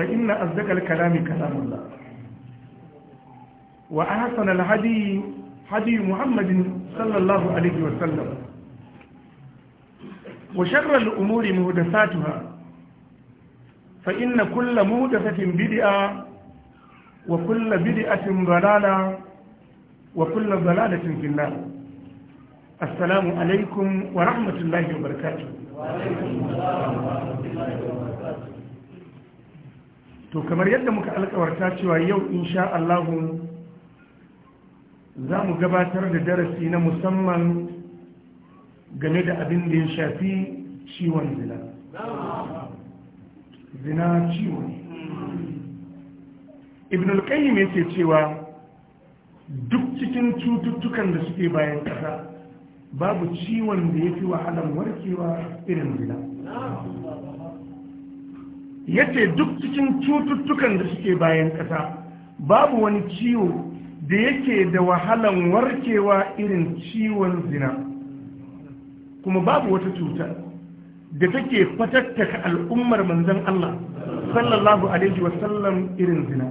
fa ina azdakar kalami kalamunla wa a hasanar hadiyu muhammadin sallallahu alaihi wasallam wa sharar umuri mu da satuwa fa kulla mu da fatin bidi'a wa kulla bidi'atin balala wa kulla balalatin filla assalamu alaikum wa rahmatullahi wa rahmatullahi wa barakatuhu to kamar yadda muka alkawarta cewa yau insha Allahu za mu gabatar da darasi na musamman game da abin da ya shafi ciwon zina zina ciwon ibn al-qayyim yake cewa duk cikin cututtukan da suke bayan kasa, babu ciwon da ya fi wahalar warkewa irin zina ya ce duk cikin cututtukan da suke bayan ƙasa babu wani ciwo da yake da wahalan warkewa irin ciwon zina kuma babu wata cuta da take fatattaka al'ummar manzan Allah sallallahu alaihi wasallam irin zina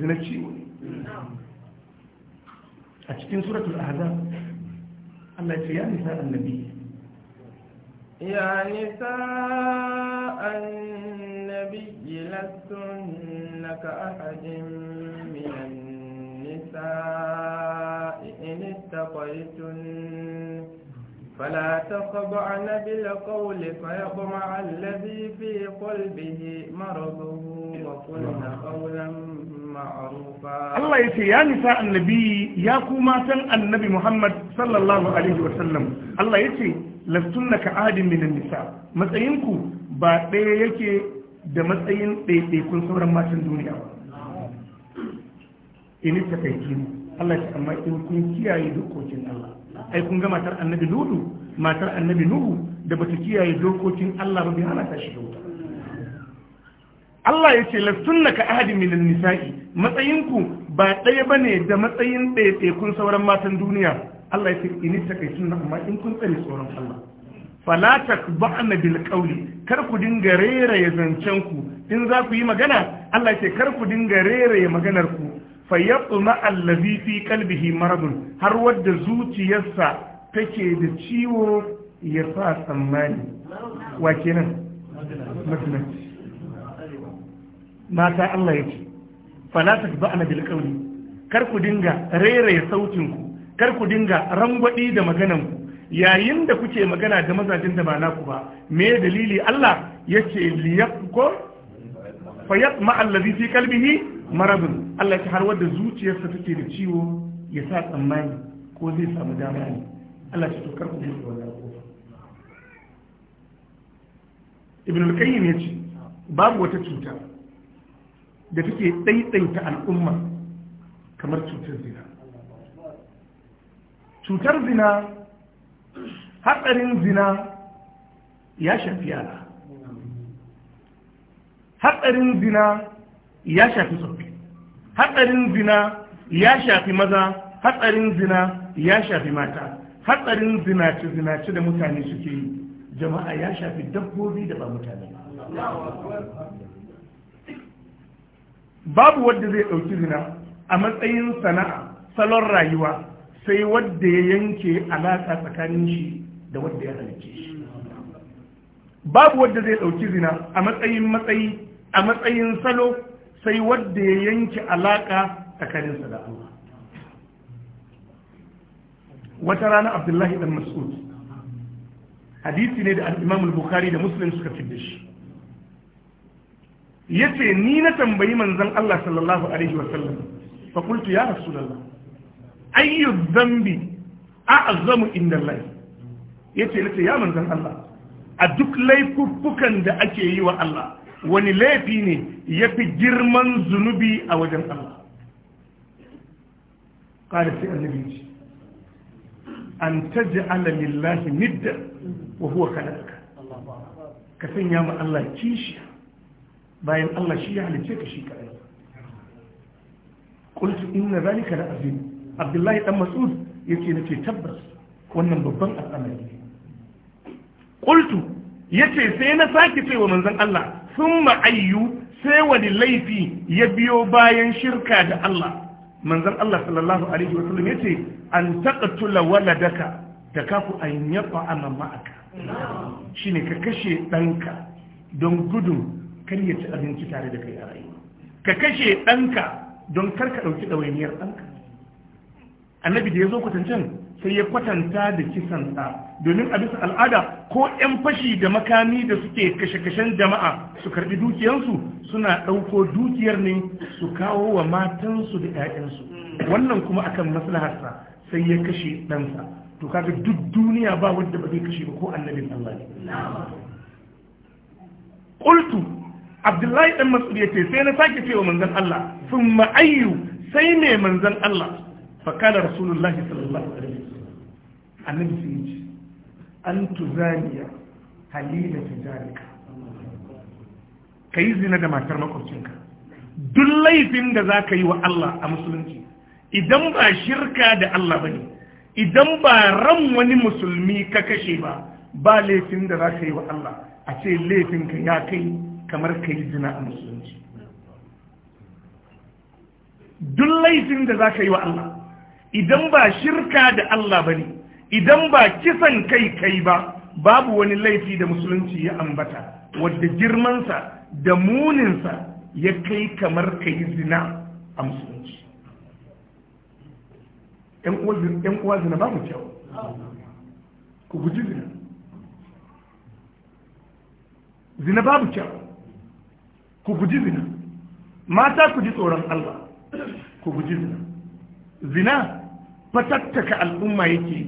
zina ciwo a cikin suratul ahzab Allah ce ya nisa annabi ya nisa annabi النبي لستن كأحد من النساء إن اتقيتن فلا تخضعن بالقول فيطمع الذي في قلبه مرضه وقلن قولا معروفا الله يسي يا نساء النبي يا كما النبي محمد صلى الله عليه وسلم الله يسي لستن كعاد من النساء matsayinku ba ɗaya yake da matsayin ɗaiɗaikun sauran matan duniya ba in ta kai Allah ce amma in kun kiyaye dokokin Allah ai kun ga matar annabi nuhu matar annabi nuhu da bata kiyaye dokokin Allah ba bi hana ta shiga wuta Allah ya ce lastunna ka ahadin minan nisa'i matsayinku ba ɗaya bane da matsayin ɗaiɗaikun sauran matan duniya Allah ya ce in ta kai amma in kun tsare tsoron Allah fala ba'na bil qawli kar ku dinga reraye zancen ku in za ku yi magana Allah ce kar ku dinga reraye maganar ku fayyatuma allazi fi qalbihi maradun har wadda zuciyarsa take da ciwo ya sa tsammani wa kenan mata Allah ya ce fala ba'na bil qawli kar ku dinga reraye sautin ku kar ku dinga rangwadi da maganan ku yayin da kuke magana da mazajen da ba naku ba me dalili Allah ce liyakko fa yatma allazi fi kalbihi maradun Allah ya har wanda zuciyarsa take da ciwo ya sa tsammani ko zai samu dama ne Allah ya tokar ku da wannan kofa Ibn al-Qayyim yace babu wata cuta da take daidaita al'umma kamar cutar zina cutar zina hatsarin zina ya shafi yara hatsarin zina ya shafi tsofi hatsarin zina ya shafi maza hatsarin zina ya shafi mata hatsarin zinace-zinace da mutane suke yi jama'a ya shafi dabbobi da ba mutane babu wadda zai ɗauki zina a matsayin sana'a salon rayuwa sai wadda ya yanke alaƙa tsakanin shi da wanda ya halicce shi babu wanda zai ɗauki zina a matsayin matsayi a matsayin salo sai wanda ya yanke alaƙa tsakaninsa da Allah wata rana abdullahi dan mas'ud hadisi ne da al-imam al-bukhari da muslim suka fidda shi yace ni na tambayi manzon Allah sallallahu alaihi wa sallam fa qultu ya rasulullah ayyu dhanbi a'zamu inda Allah yace nace ya manzon Allah a duk laifuffukan da ake yi wa Allah wani laifi ne ya fi girman zunubi a wajen Allah qala sai annabi ce an taj'ala lillahi nidda wa huwa khalaqaka ka sanya ma Allah kishi bayan Allah shi ya halice ka shi kadai qultu inna zalika la azim abdullahi dan mas'ud yace nace tabbas wannan babban al'amari ne ya yace sai na sake cewa Manzan Allah summa ayyu sai wani laifi ya biyo bayan shirka da Allah Manzan Allah sallallahu alaihi wa sallam yace an tula waladaka takafu an yata'ama ma'aka shine ka kashe danka don gudun kar ya ci abinci tare da kai a rayuwa ka kashe danka don kar ka dauki dawainiyar danka annabi da ya zo kwatancin sai ya kwatanta da kisan domin a bisa al'ada ko 'yan fashi da makami da suke kashe-kashen jama'a su karbi dukiyansu suna ɗauko dukiyar ne su kawo wa matansu da 'ya'yansu wannan kuma akan maslaharsa sai ya kashe ɗansa to kaga duk duniya ba wanda ba zai kashe ba ko annabin Allah ne qultu abdullahi dan mas'ud yace sai na sake cewa manzon Allah thumma ayyu sai ne manzon Allah fakala rasulullahi sallallahu alaihi wasallam annabi sai ce an tuzaniya halila tijarika kai zina da matar makwabcinka duk laifin da za ka yi wa Allah a musulunci idan ba shirka da Allah ba ne idan ba ran wani musulmi ka kashe ba ba laifin da za ka yi wa Allah a ce laifinka ya kai kamar ka yi zina a musulunci duk laifin da za ka yi wa Allah idan ba shirka da Allah ba ne idan ba kisan kai kai ba babu wani laifi da musulunci ya ambata wadda girmansa da muninsa ya kai kamar ka yi zina a musulunci ‘yan uwa zina babu kyau ku guji zina zina babu kyau ku guji zina mata ku ji tsoron Allah ku guji zina zina fatattaka al'umma yake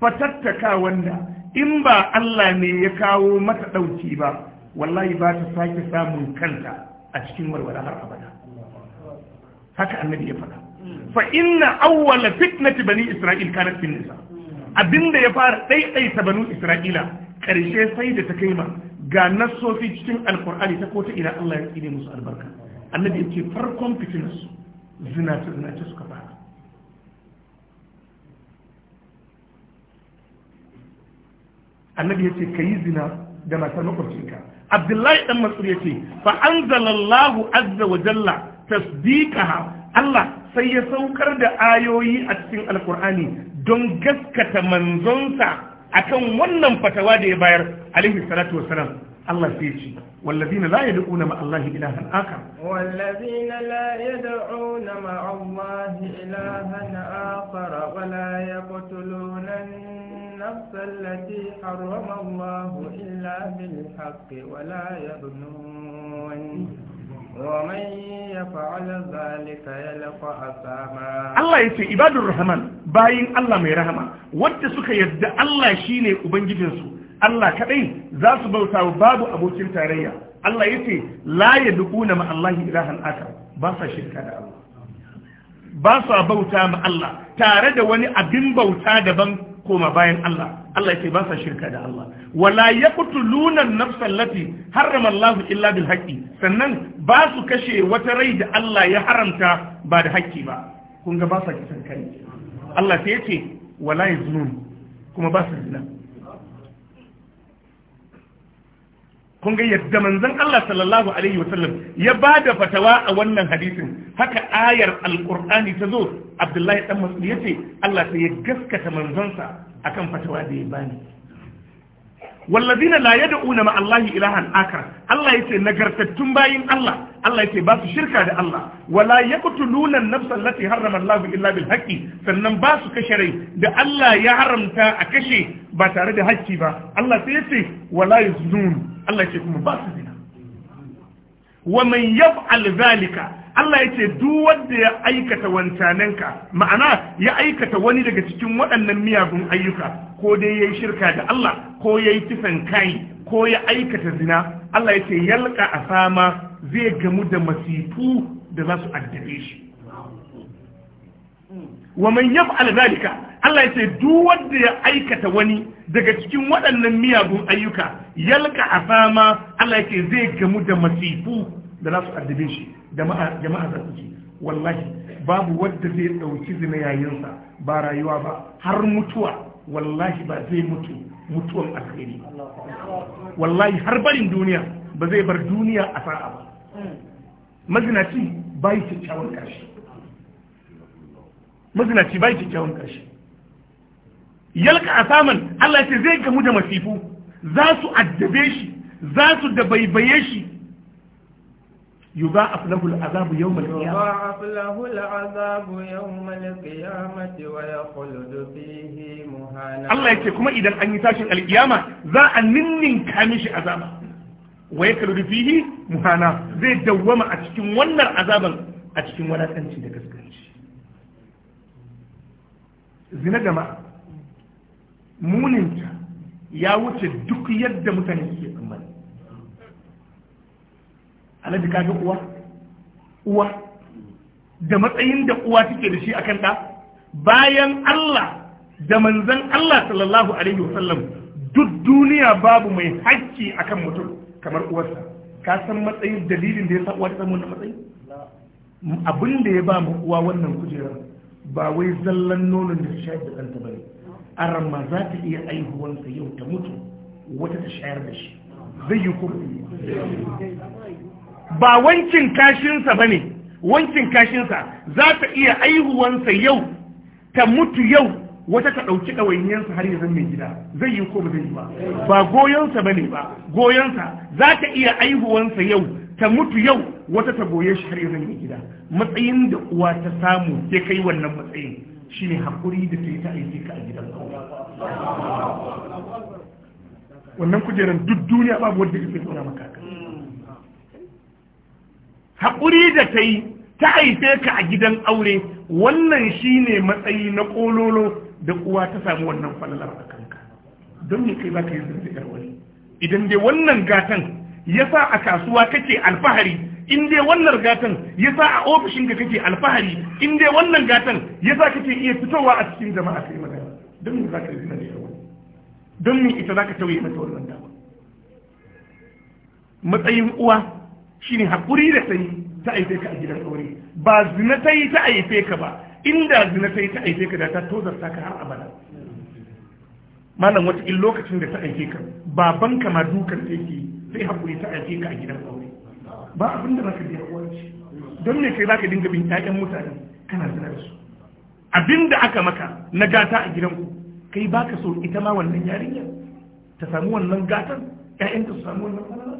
fatattaka wanda in ba Allah ne ya kawo mata ɗauki ba wallahi ba ta sake samun kanta a cikin warware har abada haka annabi ya faɗa fa inna awwala fitnati bani isra'il kanat fin nisa abinda ya fara ɗaiɗaita banu isra'ila ƙarshe sai da ta kai ma ga nassofi cikin alkur'ani ta kota ina Allah ya tsine musu albarka annabi ya ce farkon fitinarsu zina ta zina ta suka fara annabi ya ce ka yi zina da matar makwabcinka abdullahi dan mas'ud ce, fa anzalallahu azza wa jalla tasdiqaha Allah sai ya saukar da ayoyi a cikin alkur'ani don gaskata manzonsa akan wannan fatawa da ya bayar alaihi salatu wassalam Allah sai ce والذين لا يدعون مع الله إلها آخر والذين لا يدعون مع الله إلها آخر ولا يقتلون الناس النفس التي حرم الله إلا بالحق ولا يبنون ومن يفعل ذلك يلقى أثاما الله يسي عباد الرحمن باين الله مي رحمة وانت سكا يدى الله شيني وبنجدنسو الله كأي ذات بوتا وبابو أبو تنتاريا الله يسي لا يدقون مع الله إلها آخر باسا شركة الله ba sa bauta ma Allah tare da wani abin bauta daban koma bayan Allah Allah yake ba sa shirka da Allah wala yaqtuluna an-nafsa allati harrama Allah illa bil haqqi sannan ba su kashe wata rai da Allah ya haramta ba da haƙƙi ba kun ga ba sa kisan kai Allah sai yace wala yaznun kuma ba su zina kun ga yadda manzon Allah sallallahu alaihi wasallam ya ba da fatawa a wannan hadisin haka ayar alqur'ani ta zo Abdullahi dan Mas'ud yace Allah sai ya gaskata manzonsa akan fatawa da ya bani wallazina la yad'una ma Allahi ilahan akar Allah yace nagartattun bayin Allah Allah yace ba su shirka da Allah wala yaqtuluna an-nafsa allati harrama Allahu illa bil haqqi sannan ba su kashe rai da Allah ya haramta a kashe ba tare da haƙƙi ba Allah sai yace wala yaznun Allah yace kuma ba su zina wa man yaf'al zalika Allah ya ce duk wanda ya aikata wancananka ma'ana ya aikata wani daga cikin waɗannan miyagun ayyuka ko dai ya yi shirka da Allah ko ya yi kisan kai ko ya aikata zina Allah ya ce yalka a sama zai gamu da masifu da za su addabe shi wa man yaf'al zalika Allah ya ce duk wanda ya aikata wani daga cikin waɗannan miyagun ayyuka yalka a sama Allah ya ce zai gamu da masifu da za su addabe shi jama'a za su ji wallahi babu wadda zai ɗauki zina yayinsa ba rayuwa ba har mutuwa wallahi ba zai mutu mutuwan alheri wallahi har barin duniya ba zai bar duniya a sa'a ba mazinaci bai kyakkyawan ƙarshe mazinaci bai kyakkyawan ƙarshe yalka a saman Allah ce zai gamu da masifu za su addabe shi za su dabaibaye shi يضاعف له العذاب يوم القيامة يضاعف له العذاب يوم القيامة ويخلد فيه مهانا الله يتكما إذا أن يتاشن القيامة ذا أنن كامش عذابا ويخلد فيه مهانا زي دوما أتكين ونر عذابا أتكين ولا تنشي دكسكنش zina jama'a muninta ya wuce duk yadda mutane suke alhaji ka ga uwa uwa da matsayin da uwa take da shi akan da bayan Allah da manzan Allah sallallahu alaihi wasallam duk duniya babu mai hakki akan mutum kamar uwarsa ka san matsayin dalilin da ya sa uwa ta samu wannan matsayi abin da ya ba mu uwa wannan kujerar ba wai zallan nonon da ta da kanta ba ne a ramma za ta iya aihuwansa yau ta mutu wata ta shayar da shi zai yi kuma ba wancin kashinsa ba ne wancin kashinsa za ta iya aihuwansa yau ta mutu yau wata ta ɗauki ɗawainiyarsa har yanzu mai gida zai yi ko ba zai yi ba ba goyonsa ba ne ba goyonsa za ta iya aihuwansa yau ta mutu yau wata ta goye shi har yanzu mai gida matsayin da uwa ta samu ke kai wannan matsayin shine haƙuri da ta yi ta aiki ka a gidan wannan kujeran duk duniya babu wanda ya fi maka haƙuri da ta yi ta haife ka a gidan aure wannan shi ne matsayi na ƙololo da uwa ta samu wannan falalar a kanka don mu kai za ka yi zirzigar wani idan dai wannan gatan ya sa a kasuwa kake alfahari in dai wannan gatan ya sa a ofishin ka kake alfahari in dai wannan gatan ya sa kake iya fitowa a cikin jama'a kai magana don me za ka yi zirzigar wani don mu ita za ka tauye mata wannan dama matsayin uwa shine hakuri da sai ta aife ka a gidan aure ba zina ta yi ta aife ka ba inda zina ta yi ta aife ka da ta tozarta ka har abada malam wata in lokacin da ta aife ka baban ka ma dukan ta yake sai hakuri ta aife ka a gidan aure ba abin da zaka biya uwar ce don me kai zaka dinga bin ƴaƴan mutane kana zina da su abin da aka maka na gata a gidanku kai baka so ita ma wannan yarinya ta samu wannan gatan ƴaƴanta su samu wannan falala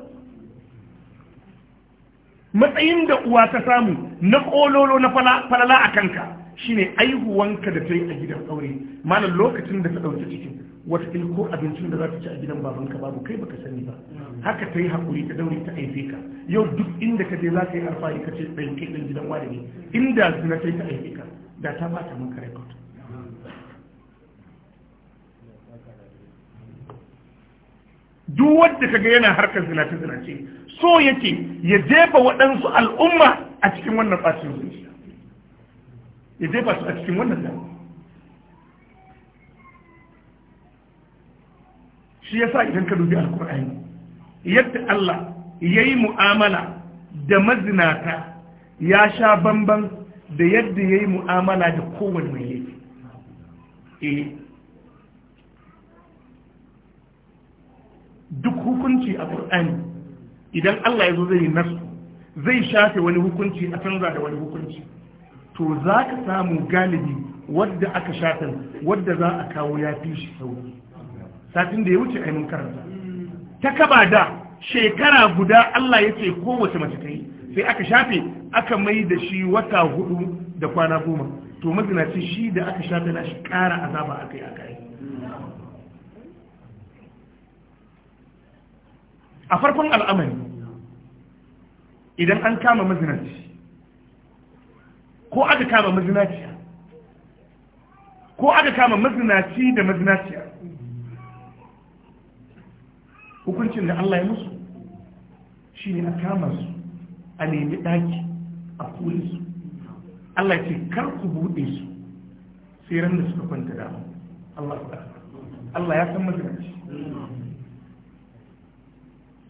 matsayin da uwa ta samu na kololo na falala a kanka shine aihuwanka da ta yi a gidan aure mana lokacin da ta ɗauki cikin wata ko abincin da za ta ci a gidan babanka babu kai baka sani ba haka ta yi haƙuri ta daure ta aife ka yau duk inda ka je za ka yi alfahari ka ce ɗan kai ɗan gidan wani ne inda zina ta yi ta aife ka da ta ba ta manka rekod duk wadda ka ga yana harkar zina ta zina ce so yake ya jefa waɗansu al'umma a cikin wannan fashin zuciya ya jefa su a cikin wannan damuwa shi ya sa idan ka dubi alkur'ani yadda Allah ya yi mu'amala da mazinata ya sha bamban da yadda ya yi mu'amala da kowane mai laifi eh, duk hukunci a ƙur'ani idan Allah ya zo zai nasu zai shafe wani hukunci a canza da wani hukunci to za ka samu galibi wadda aka shafe wadda za a kawo ya fi shi sauri satin da ya wuce a mun karanta ta kaba da shekara guda Allah ya ce kowace mace ta yi sai aka shafe aka mai da shi wata hudu da kwana goma to mazinaci shi da aka shafe na shi kara azaba aka yi aka a farkon al'amari idan an kama mazinaci ko aka kama mazinaciya ko aka kama mazinaci da mazinaciya hukuncin da Allah ya musu shi ne a kama su a nemi ɗaki a kuli su Allah ce kar ku buɗe su sai ran da suka kwanta dama Allah ya san mazinaci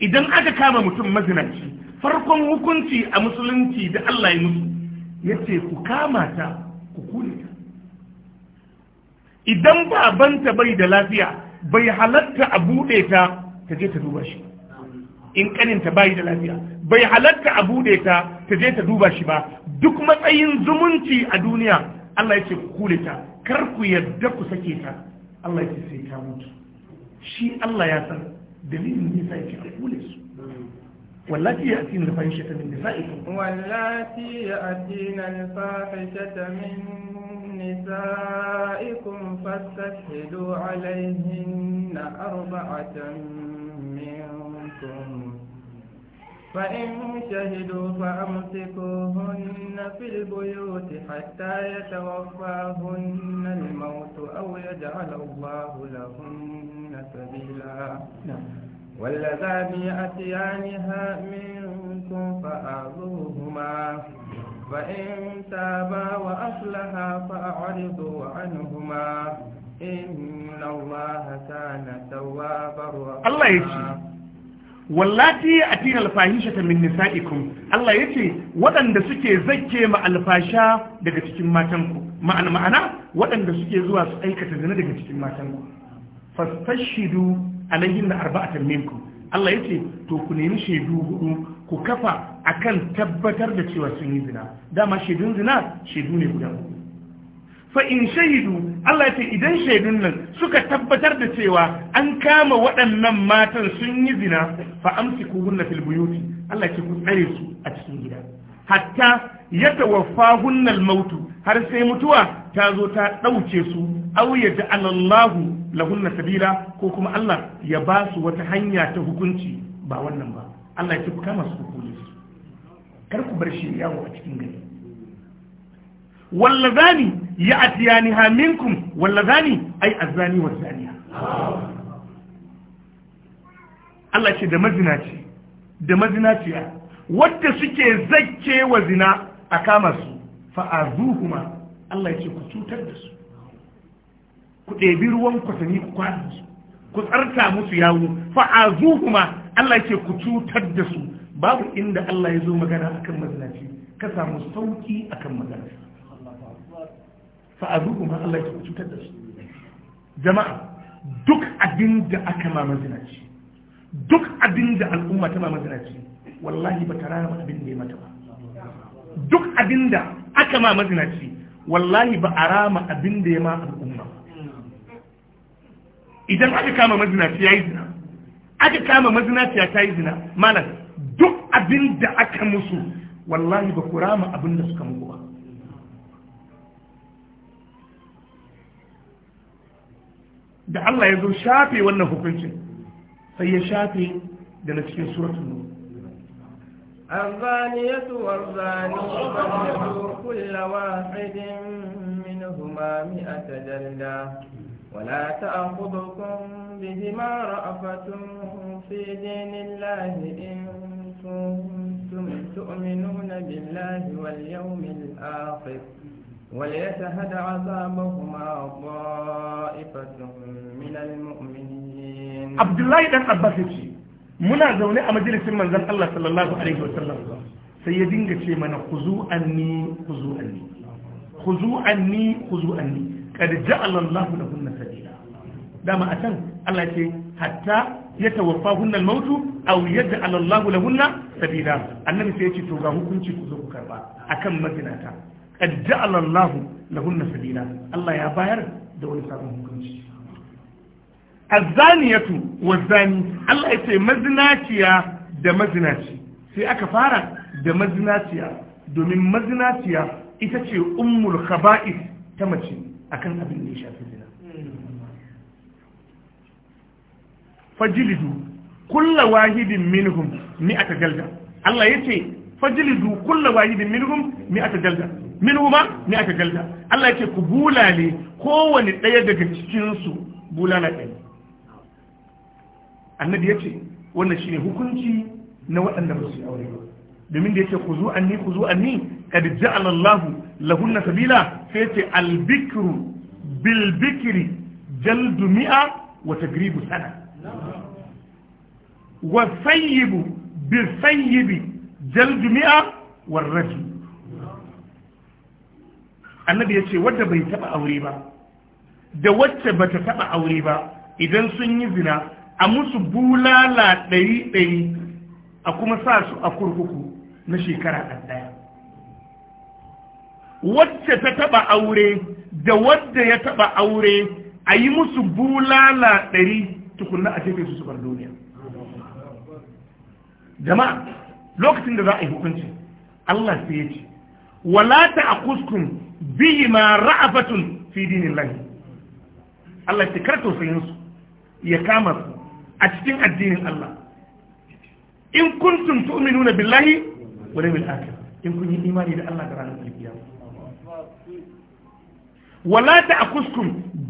idan aka kama mutum mazinaci farkon hukunci a musulunci da Allah ya musu ya ce ku kama ta ku kule ta idan babanta bai da lafiya bai halatta a buɗe ta ta je ta duba shi in kaninta bai da lafiya bai halatta a buɗe ta ta je ta duba shi ba duk matsayin zumunci a duniya Allah ya ce ku kule ta kar ku yadda ku sake ta Allah ya ce sai ta mutu shi Allah ya san dalilin nisa yake a kule su wallati ya atina al-fahishata min nisa'ikum wallati ya atina al-fahishata min nisa'ikum fastashhidu alayhinna arba'atan minkum فإن شهدوا فأمسكوهن في البيوت حتى يتوفاهن الموت أو يجعل الله لهن سبيلا واللذان يأتيانها منكم فآذوهما فإن تابا وأصلها فأعرضوا عنهما إن الله كان توابا رحيما الله يجزي wallati atina alfahishata min nisaikum Allah yace waɗanda suke zakke ma alfasha daga cikin matanku ma'ana ma'ana waɗanda suke zuwa su aikata zina daga cikin matanku fastashidu alayhin arba'atan minkum Allah yace to ku nemi shaidu hudu ku kafa akan tabbatar da cewa sun yi zina dama shaidun zina shaidu ne guda hudu fa'in shaidu Allah ce idan shaidun nan suka tabbatar da cewa an kama waɗannan matan sun yi zina fa amsi kuhunna fil buyuti Allah ce ku tsare su a cikin gida hatta ya tawaffa hunnal mautu har sai mutuwa ta zo ta ɗauke su aw ya ja'ala Allahu lahunna sabila ko kuma Allah ya ba su wata hanya ta hukunci ba wannan ba Allah ya ce ku kama su ku su kar ku bar shi yawo a cikin gari wallazani ya'tiyaniha minkum wallazani ay azani wazaniya Allah ce da mazinaci da mazinaciya wadda suke zakke wa zina a kama su fa'azuhuma Allah ce ku cutar da su ku ɗebi ruwan kwasani ku kwanan su ku tsarta musu yawo fa'azuhuma Allah ce ku cutar da su babu inda Allah ya zo magana akan mazinaci ka samu sauki akan magana Fa a fa'azuku ma Allah ke cutar da shi. jama'a duk abin da aka mama zinaci duk abin da al'umma ta mama zinaci wallahi ba ta rana abin da ya mata ba duk abin da aka mama zinaci wallahi ba a rama abin da ya ma al'umma idan aka kama mazinaci ya yi zina aka kama mazinaciya ta yi zina malam duk abin da aka musu wallahi ba ku rama abin da suka muku da Allah ya zo shafe wannan hukuncin sai ya shafe da na cikin suratul nur الزانية والزاني فاجلدوا كل واحد منهما مئة جلدة ولا تأخذكم بهما رأفة في دين الله إن كنتم تؤمنون بالله واليوم الآخر وليشهد عذابهما طائفة من المؤمنين عبد الله بن عباس يجي muna zaune a majalisin manzon Allah sallallahu alaihi wasallam sai ya dinga ce mana khuzu anni khuzu anni khuzu anni khuzu anni kad ja'ala Allah lahunna Da dama a can Allah ce hatta yatawaffahunna al-maut aw yaj'ala Allah lahunna sabila annabi sai ya ce to ga hukunci ku zo ku karba قد جعل الله لهن Allah ya bayar da wani sabon hukunci azzaniyatu Zani Allah ya ce mazinaciya da mazinaci sai aka fara da mazinaciya domin mazinaciya ita ce ummul khaba'is ta mace akan abin da ya shafi zina fajilidu kulla wahidin minhum mi'ata jalda Allah ya ce fajilidu kulla wahidin minhum mi'ata min huma ne aka galda Allah ya ce ku bulale kowane ɗaya daga cikinsu bulala ɗaya annabi ya ce wannan shine hukunci na waɗanda ba su yi aure domin da ya ce ku zo anni ku zo anni kad ja'ala Allahu lahunna sabila sai ce al-bikru bil bikri jaldu mi'a wa tagribu sana wa sayyibu bil sayyibi jaldu mi'a rajul annabi ya ce wadda bai taba aure ba da wacce ba ta taɓa aure ba idan sun yi zina a musu bulala ɗari ɗari a kuma sa su a kurkuku na shekara ɗaya wacce ta taɓa aure da wadda ya taɓa aure a yi musu bulala ɗari tukunna a jefe su zubar duniya jama'a lokacin da za a yi hukunci Allah sai ya ce wala ta a kuskun bihi ma ra'afatun fi dinillahi Allah ya kar tausayin su ya kama su a cikin addinin Allah in kuntum tu'minuna billahi wa yawmil akhir in kun yi imani da Allah da ranar alkiyama wala ta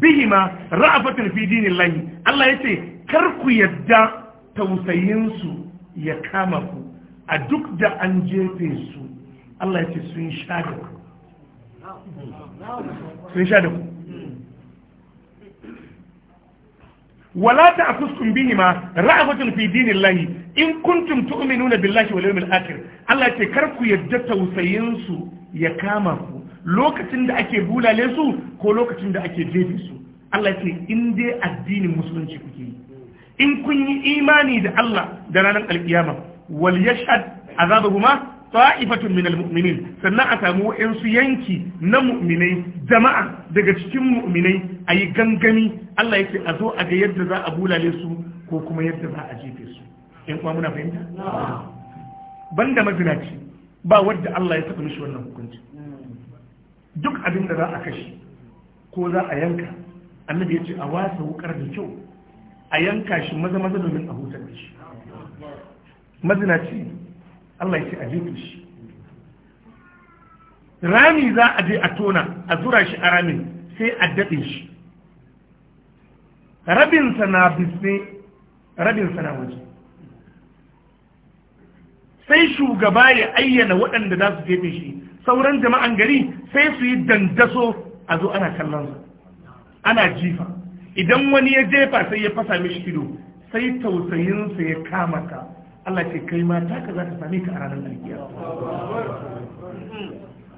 bihi ma ra'afatun fi dinillahi Allah yace kar ku yadda tausayin su ya kama ku a duk da an jefe su Allah yace sun sha da ku sun sha da ku wala ta akuskum bihi ma ra'abatun fi dinillahi in kuntum tu'minuna billahi wal yawmil akhir Allah ce kar ku yadda tausayin su ya kama ku lokacin da ake bulale su ko lokacin da ake jefe su Allah ce in dai addinin musulunci kuke yi in kun yi imani da Allah da ranar alkiyama wal yashhad azabuhuma ta'ifatu min almu'minin sannan a samu wa'ansu yanki na mu'minai jama'a daga cikin mu'minai a yi gangami Allah ya ce a zo a ga yadda za a bulale su ko kuma yadda za a jefe su in kuma muna fahimta banda mazinaci ba wadda Allah ya taɓa mishi wannan hukunci duk abin da za a kashe ko za a yanka annabi ya ce a wasa wukar da kyau a yanka shi maza maza domin a hutar da shi mazinaci Allah ya ce a jefe shi rami za a je a tona a zura shi a ramin sai a daɗe shi rabinsa na bisne rabinsa na waje sai shugaba ya ayyana waɗanda za su jefe shi sauran jama'an gari sai su yi dandaso a zo ana kallon su, ana jifa idan wani ya jefa sai ya fasa mishi ido sai tausayinsa ya kama ka Allah ce kai ma taka za ta same ka a ranar lafiya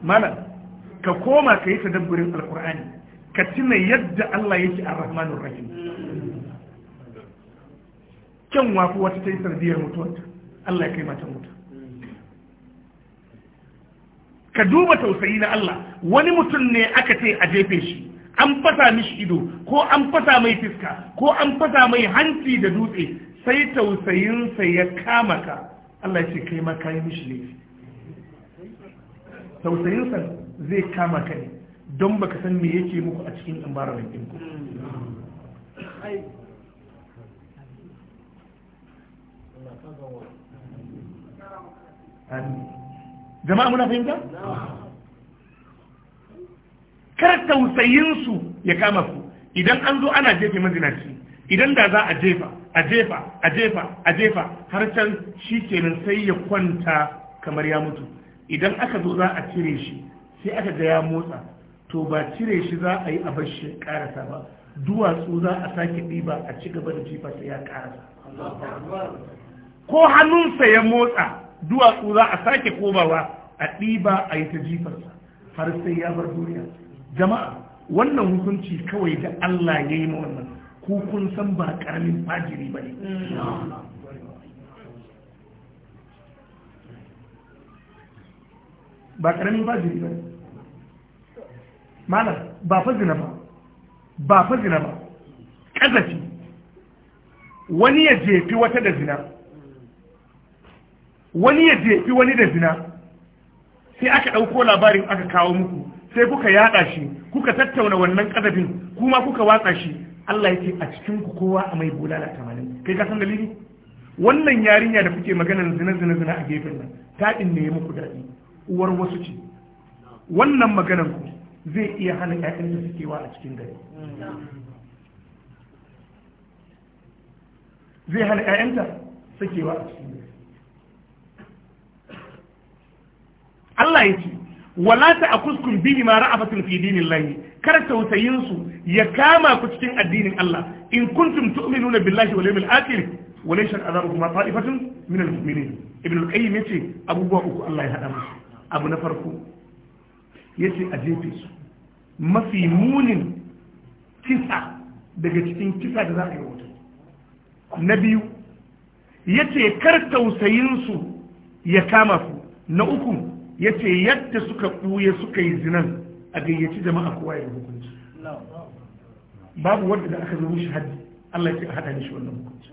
malam ka koma ka yi tadabburin alkur'ani ka tuna yadda Allah yake a rahmanin rahim kyan wafi wata ta yi sardiyar mutuwarta Allah ya kai mata mutu ka duba tausayi na Allah wani mutum ne aka ce a jefe shi an fasa mishi ido ko an fasa mai fiska ko an fasa mai hanci da dutse sai tausayinsa ya kama ka Allah ya ce kai ma kayi mishi laifi tausayinsa zai kama ka ne don baka san me yake muku a cikin environment din ku jama'a muna fahimta? kar tausayinsu ya kama su idan an zo ana jefe mazinaci idan da za a jefa a jefa a jefa a jefa har can shi kenan sai ya kwanta kamar ya mutu idan aka zo za a cire shi sai aka ga ya motsa to ba cire shi za a yi a bar shi karasa ba duwatsu za a sake ɗiba a ci gaba da jifa sai ya karasa ko hannunsa ya motsa duwatsu za a sake komawa a ɗiba a yi ta jifarsa har sai ya bar duniya jama'a wannan hukunci kawai da Allah ya yi ma wannan ko kun san ba karamin fajiri ba ne ba karamin fajiri ba ne malam ba fazina ba ba zina ba ƙazafi wani ya jefi wata da zina wani ya jefi wani da zina sai aka ɗauko labarin aka kawo muku sai kuka yaɗa shi kuka tattauna wannan ƙazafin kuma kuka watsa shi Allah ya ce a cikin ku kowa a mai bulala tamanin kai ka san dalili wannan yarinya da kuke maganar zina zina zina a gefen nan ta ne muku dadi. uwar wasu ce wannan maganar ku zai iya hana ƴaƴan da suke wa a cikin gari zai hana suke sakewa a cikin gari Allah ya ce wala ta a kuskun bihi ma ra'afatun fi dinin dinillahi kar tausayin su ya kama ku cikin addinin Allah in kuntum tu'minuna billahi wal yawmil akhir wa laysa adabukum ta'ifatun min al-mu'minin ibn al-qayyim yace abubuwa uku Allah ya hada musu abu na farko yace a jefe su mafi munin kisa daga cikin kisa da za a yi wuta na biyu yace kar tausayin su ya kama ku na uku ya ce yadda suka ɓuye suka yi zinan a gayyaci jama'a kowa ya hukunci babu wanda da aka zo mishi haddi Allah ya ce a haɗa wannan hukunci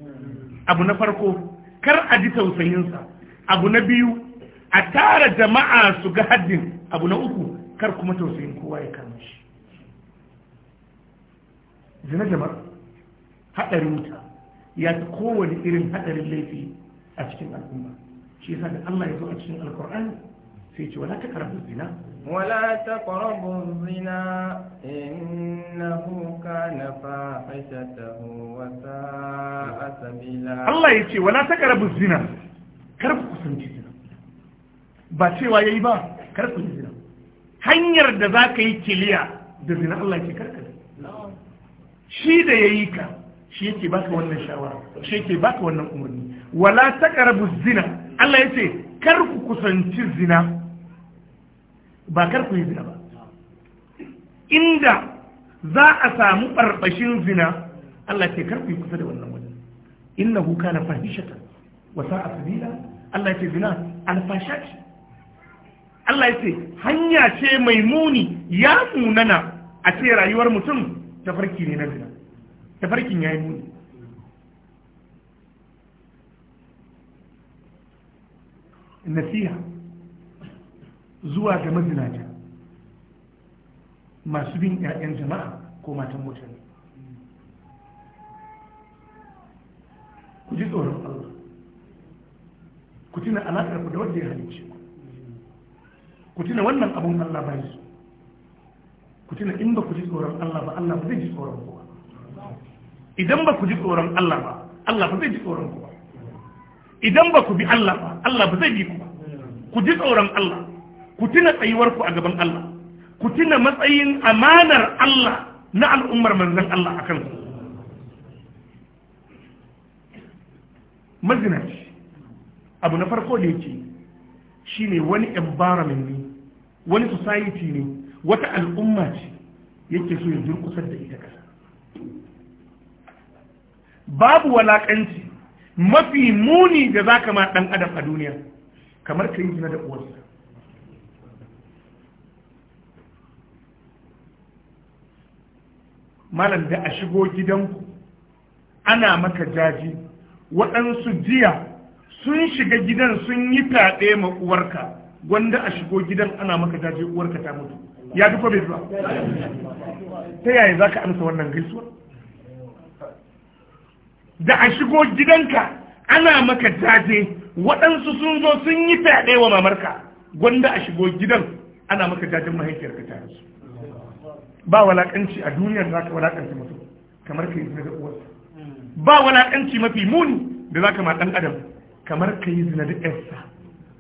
abu na farko kar a ji tausayinsa abu na biyu a tara jama'a su ga haddin abu na uku kar kuma tausayin kowa ya kama shi zina jama'a haɗari wuta ya fi kowane irin haɗarin laifi a cikin al'umma shi yasa da Allah ya zo a cikin alkur'ani sai ce wala taqrabu zina wala taqrabu zina innahu kana fahishatahu wa sa'a sabila Allah yace wala taqrabu zina kar kusanci zina ba cewa yayi ba kar ku zina hanyar da za ka yi kiliya da zina Allah ke karka shi da yayi ka shi yake baka wannan shawara shi yake baka wannan umarni zina Allah yace kar ku kusanci zina ba kar ku yi zina ba inda za a samu barbashin zina Allah ce kar ku yi kusa da wannan wani. Inna innahu na fahishatan wa sa'a sabila Allah ce zina alfasha ce Allah ya ce hanya ce mai muni ya munana a ce rayuwar mutum tafarki ne na zina tafarkin ya yi muni nasiha zuwa ga mazinata masu bin 'ya'yan jama'a ko matan mutane ku ji tsoron Allah ku tuna alaƙar ku da wadda ya halicce ku tuna wannan abun Allah ba su ku tuna in ba ku ji tsoron Allah ba Allah ba zai ji tsoron ku ba idan ba ku ji tsoron Allah ba Allah ba zai ji tsoron ku ba idan ba ku bi Allah ba Allah ba zai bi ku ba ku ji tsoron Allah ku tuna tsayuwarku a gaban Allah ku tuna matsayin amanar Allah na al'ummar manzan Allah a kansu mazinaci abu na farko da yake shine wani environment ne wani society ne wata al'umma ce yake so ya durkusar da ita kasa babu walakanci mafi muni da za ka ma ɗan adam a duniya kamar ka yi zina da uwarsa malam da a shigo gidanku ana maka jaji waɗansu jiya sun shiga gidan sun yi fyaɗe ma uwarka gwanda a shigo gidan ana maka jaji uwarka ta mutu ya fi bai zuwa ta yaya za ka amsa wannan gaisuwa da a shigo gidanka ana maka jaje waɗansu sun zo sun yi fyaɗe wa mamarka gwanda a shigo gidan ana maka jajen mahaifiyarka ta rasu ba walakanci a duniyar za ka walakanci mutum kamar ka yi zina da uwarsa hmm. ba walakanci mafi muni da za ka ma ɗan adam kamar ka yi zina da ƴarsa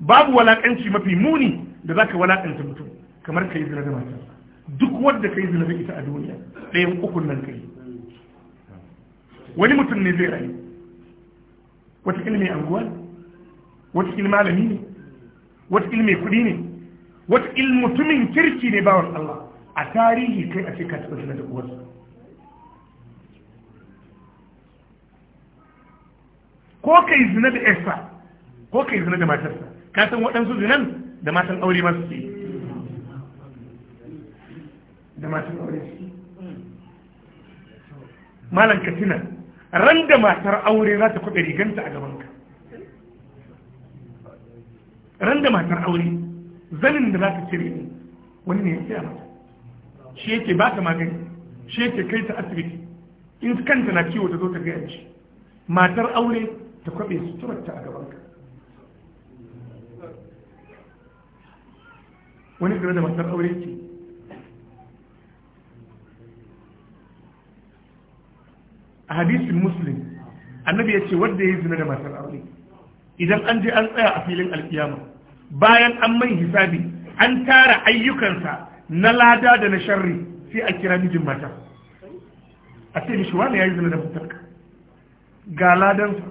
babu walakanci mafi muni da za ka walakanta mutum kamar ka yi zina da matarsa duk wadda ka yi zina da ita a duniya ɗayan ukun nan ka yi wani mutum ne zai rayu wata mai anguwa wata ilmi malami ne wata mai kuɗi ne wata mutumin kirki ne bawan Allah a tarihi kai a ce ka taɓa zina da uwarsa ko yi zina da Esa, ko ka yi zina da matarsa ka san waɗansu zinan da matan aure masu ke da matan aure su malam katina ran da matar aure za ta kwaɓe riganta a gaban ka, ran da matar aure zanin da za ta cire wani ne ya tsaya mata shi yake ba ta magani shi yake kai ta asibiti in kanta na kiwo ta zo ta gaya shi matar aure ta kwabe suturarta a gabanka wani game da matar aure ce a hadisin muslim annabi ya ce wanda ya yi zina da matar aure idan an je an tsaya a filin alkiyama bayan an mai hisabi an tara ayyukansa na lada da na sharri sai a kira mijin mata a ce mishi wani ya yi zina da mutarka ga ladansa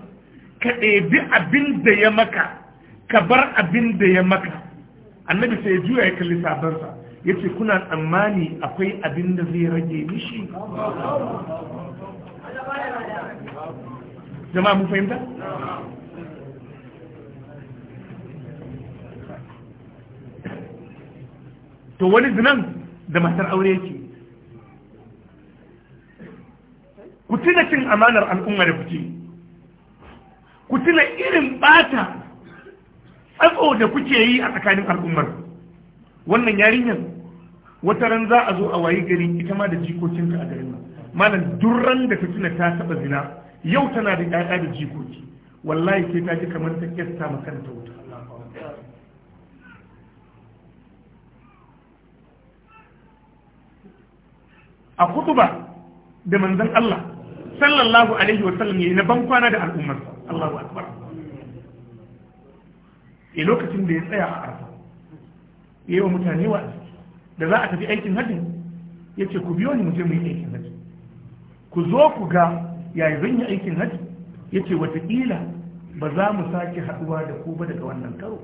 ka ɗebi abin da ya maka ka bar abin da ya maka annabi sai juya ya kalli sabansa ya ce kuna tsammani akwai abin da zai rage mishi jama'a mu fahimta to wani zinan da matar aure ce ku tuna cin amanar al'umma da kuke ku tuna irin bata tsatso da kuke yi a tsakanin al'ummar wannan yarinyar wata ran za a zo a wayi gari ita ma da jikocinka a garin nan malam durran da ta tuna ta taba zina yau tana da ƴaƴa da jikoki wallahi sai ta ji kamar ta kyasta ma kanta wuta a kutuba da manzon Allah sallallahu alaihi wa sallam yayi na ban kwana da al'ummar Allahu akbar a lokacin da ya tsaya a arfa yayi wa mutane wa da za a tafi aikin hajji yace ku biyo ni mu je mu yi aikin hajji ku zo ku ga yayi zan yi aikin hajji yace wataƙila ba za mu sake haɗuwa da ku ba daga wannan karo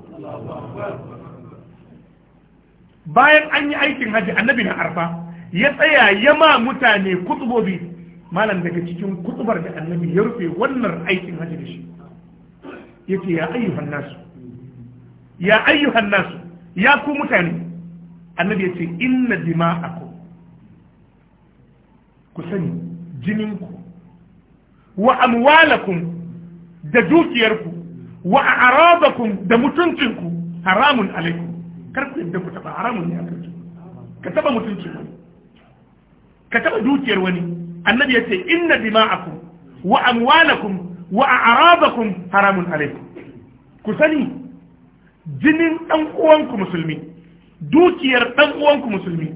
bayan an yi aikin hajji annabi na arfa ya tsaya ya ma mutane kutubobi malam daga cikin kutubar da annabi ya rufe wannan aikin hajji da shi Ya ce ya ayyuhan nasu ya ayyuhan nasu ya ku mutane annabi ya ce inna ako ku sani jininku wa amwalakum da dukiyarku wa a'radakum da mutuncinku haramun alaikum kar ku yadda ku taba haramun ne a ku ka taba mutuncinku. ka taɓa dukiyar wani annabi ya ce inna dima'akum wa amwalakum wa a'radakum haramun alaikum ku sani jinin dan uwanku musulmi dukiyar dan uwanku musulmi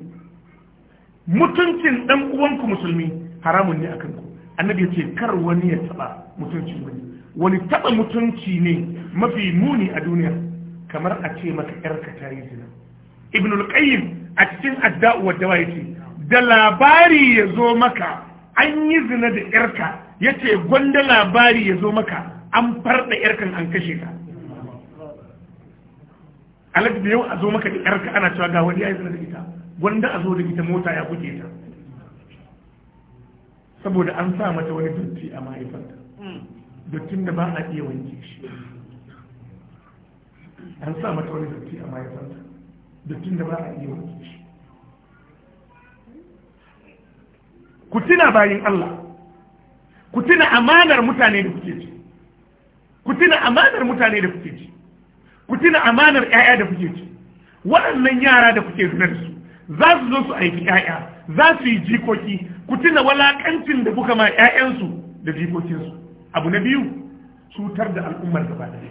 mutuncin dan uwanku musulmi haramun ne akan ku annabi ya ce kar wani ya taɓa mutuncin wani wani taɓa mutunci ne mafi muni a duniya kamar a ce maka yarka ta yi zina ibn al-qayyim a cikin adda'u wa dawa yace da labari ya zo maka an yi zina da yarka ya ce gwanda labari ya zo maka an farɗa yarkan an kashe ka alaƙi da yau a zo maka da yarka ana cewa ga wani ya yi zina da ita gwanda a zo da ita mota ya buge ta saboda an sa mata wani dotti a mahaifarta dottin da ba a iya wanke shi an sa mata wani dotti a mahaifarta dottin da ba a iya wanke shi ku tuna bayin Allah ku tuna amanar mutane da kuke ci ku tuna amanar mutane da kuke ci ku tuna amanar ƴaƴa da kuke ci waɗannan yara da kuke zuna da su za su zo su aiki ƴaƴa za su yi jikoki ku tuna walakancin da kuka ma ƴaƴansu da jikokinsu abu na biyu cutar da al'ummar gaba ɗaya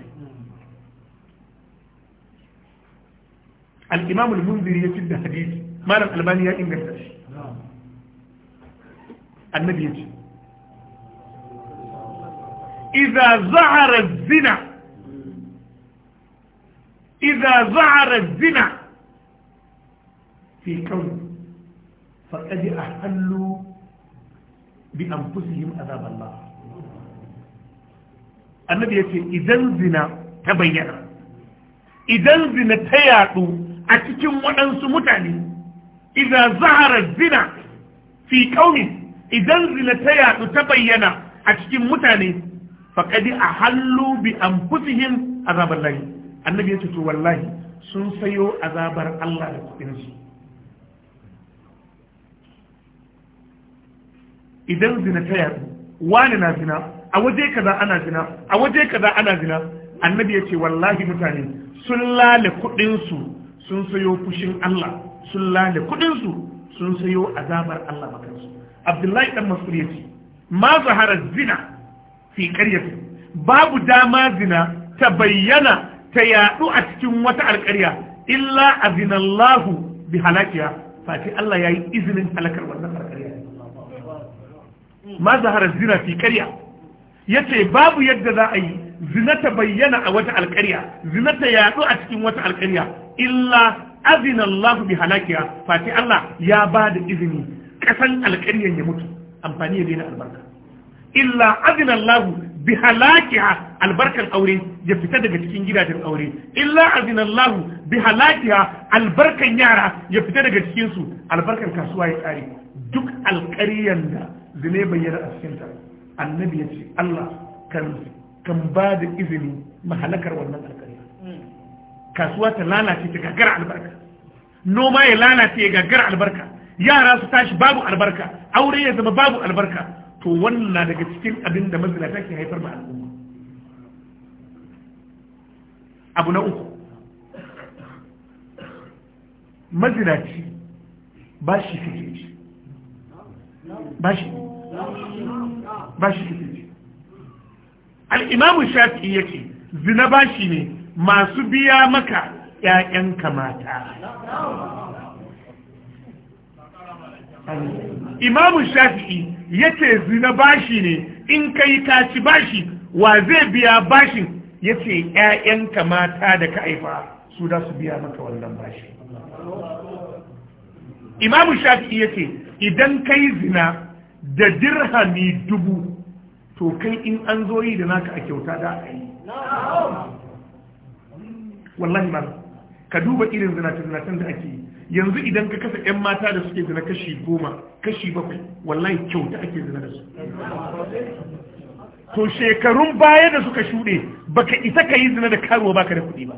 al-imam munziri ya fi da hadisi malam albani ya inganta shi النبي يجي إذا ظهر الزنا إذا ظهر الزنا في كون فقد أحلوا بأنفسهم أذاب الله النبي يقول إذا الزنا تبين إذا الزنا تياتوا أتكم ونسمتني إذا ظهر الزنا في كونه idan zina ta yaɗu ta bayyana a cikin mutane faƙadi a hallu bi an fusihin azabar lahi annabi ya ce to wallahi sun sayo azabar Allah da kuɗinsu idan zina ta yaɗu wani na zina a waje kaza ana zina a waje kaza ana zina annabi ya ce wallahi mutane sun lale kuɗinsu sun sayo fushin Allah sun lale kuɗinsu sun sayo azabar Allah makansu abdullahi dan mas'ud yace ma zahara zina fi qaryati babu dama zina ta bayyana ta yadu a cikin wata alƙarya illa azinallahu bi halakiya fati Allah ya yi izinin halakar wannan alƙarya ma zahara zina fi karya ya yace babu yadda za a yi zina ta bayyana a wata alƙarya zina ta yadu a cikin wata alƙarya illa azinallahu bi halakiya fati Allah ya ba da izini kasan alƙaryan ya mutu amfani ya daina albarka illa azina Allah bi halakiha albarkan aure ya fita daga cikin gidajen aure illa azina Allah bi halakiha albarkan yara ya fita daga cikin su albarkan kasuwa ya tsare duk alƙaryan da zine bayyana a cikin ta annabi ya ce Allah kan kan ba da izini mahalakar wannan alƙarya kasuwa ta lalace ta gagara albarka noma ya lalace ya gagara albarka yara su tashi babu albarka aure ya zama babu albarka to wannan na daga cikin abin da mazinata ke haifar ma al'umma abu na uku mazinaci ba shi fiye ci ba shi ba shi fiye ci al'imamu shafi'i yake zina ba shi ne masu biya maka ‘ya'yanka mata imamu shafi'i yace zina bashi ne in kai ka ci bashi wa zai biya bashin yace ƴaƴanka mata da ka haifa su da su biya maka wannan bashi imamu shafi'i yace idan kai zina da dirhami dubu to kai in an zo yi da naka a kyauta da a yi wallahi ka duba irin zinace da ake yi yanzu idan ka kasa 'yan mata da suke zina kashi goma kashi bakwai wallahi kyauta ake zina da su to shekarun baya da suka shuɗe baka isa ka yi zina da karuwa baka da kuɗi ba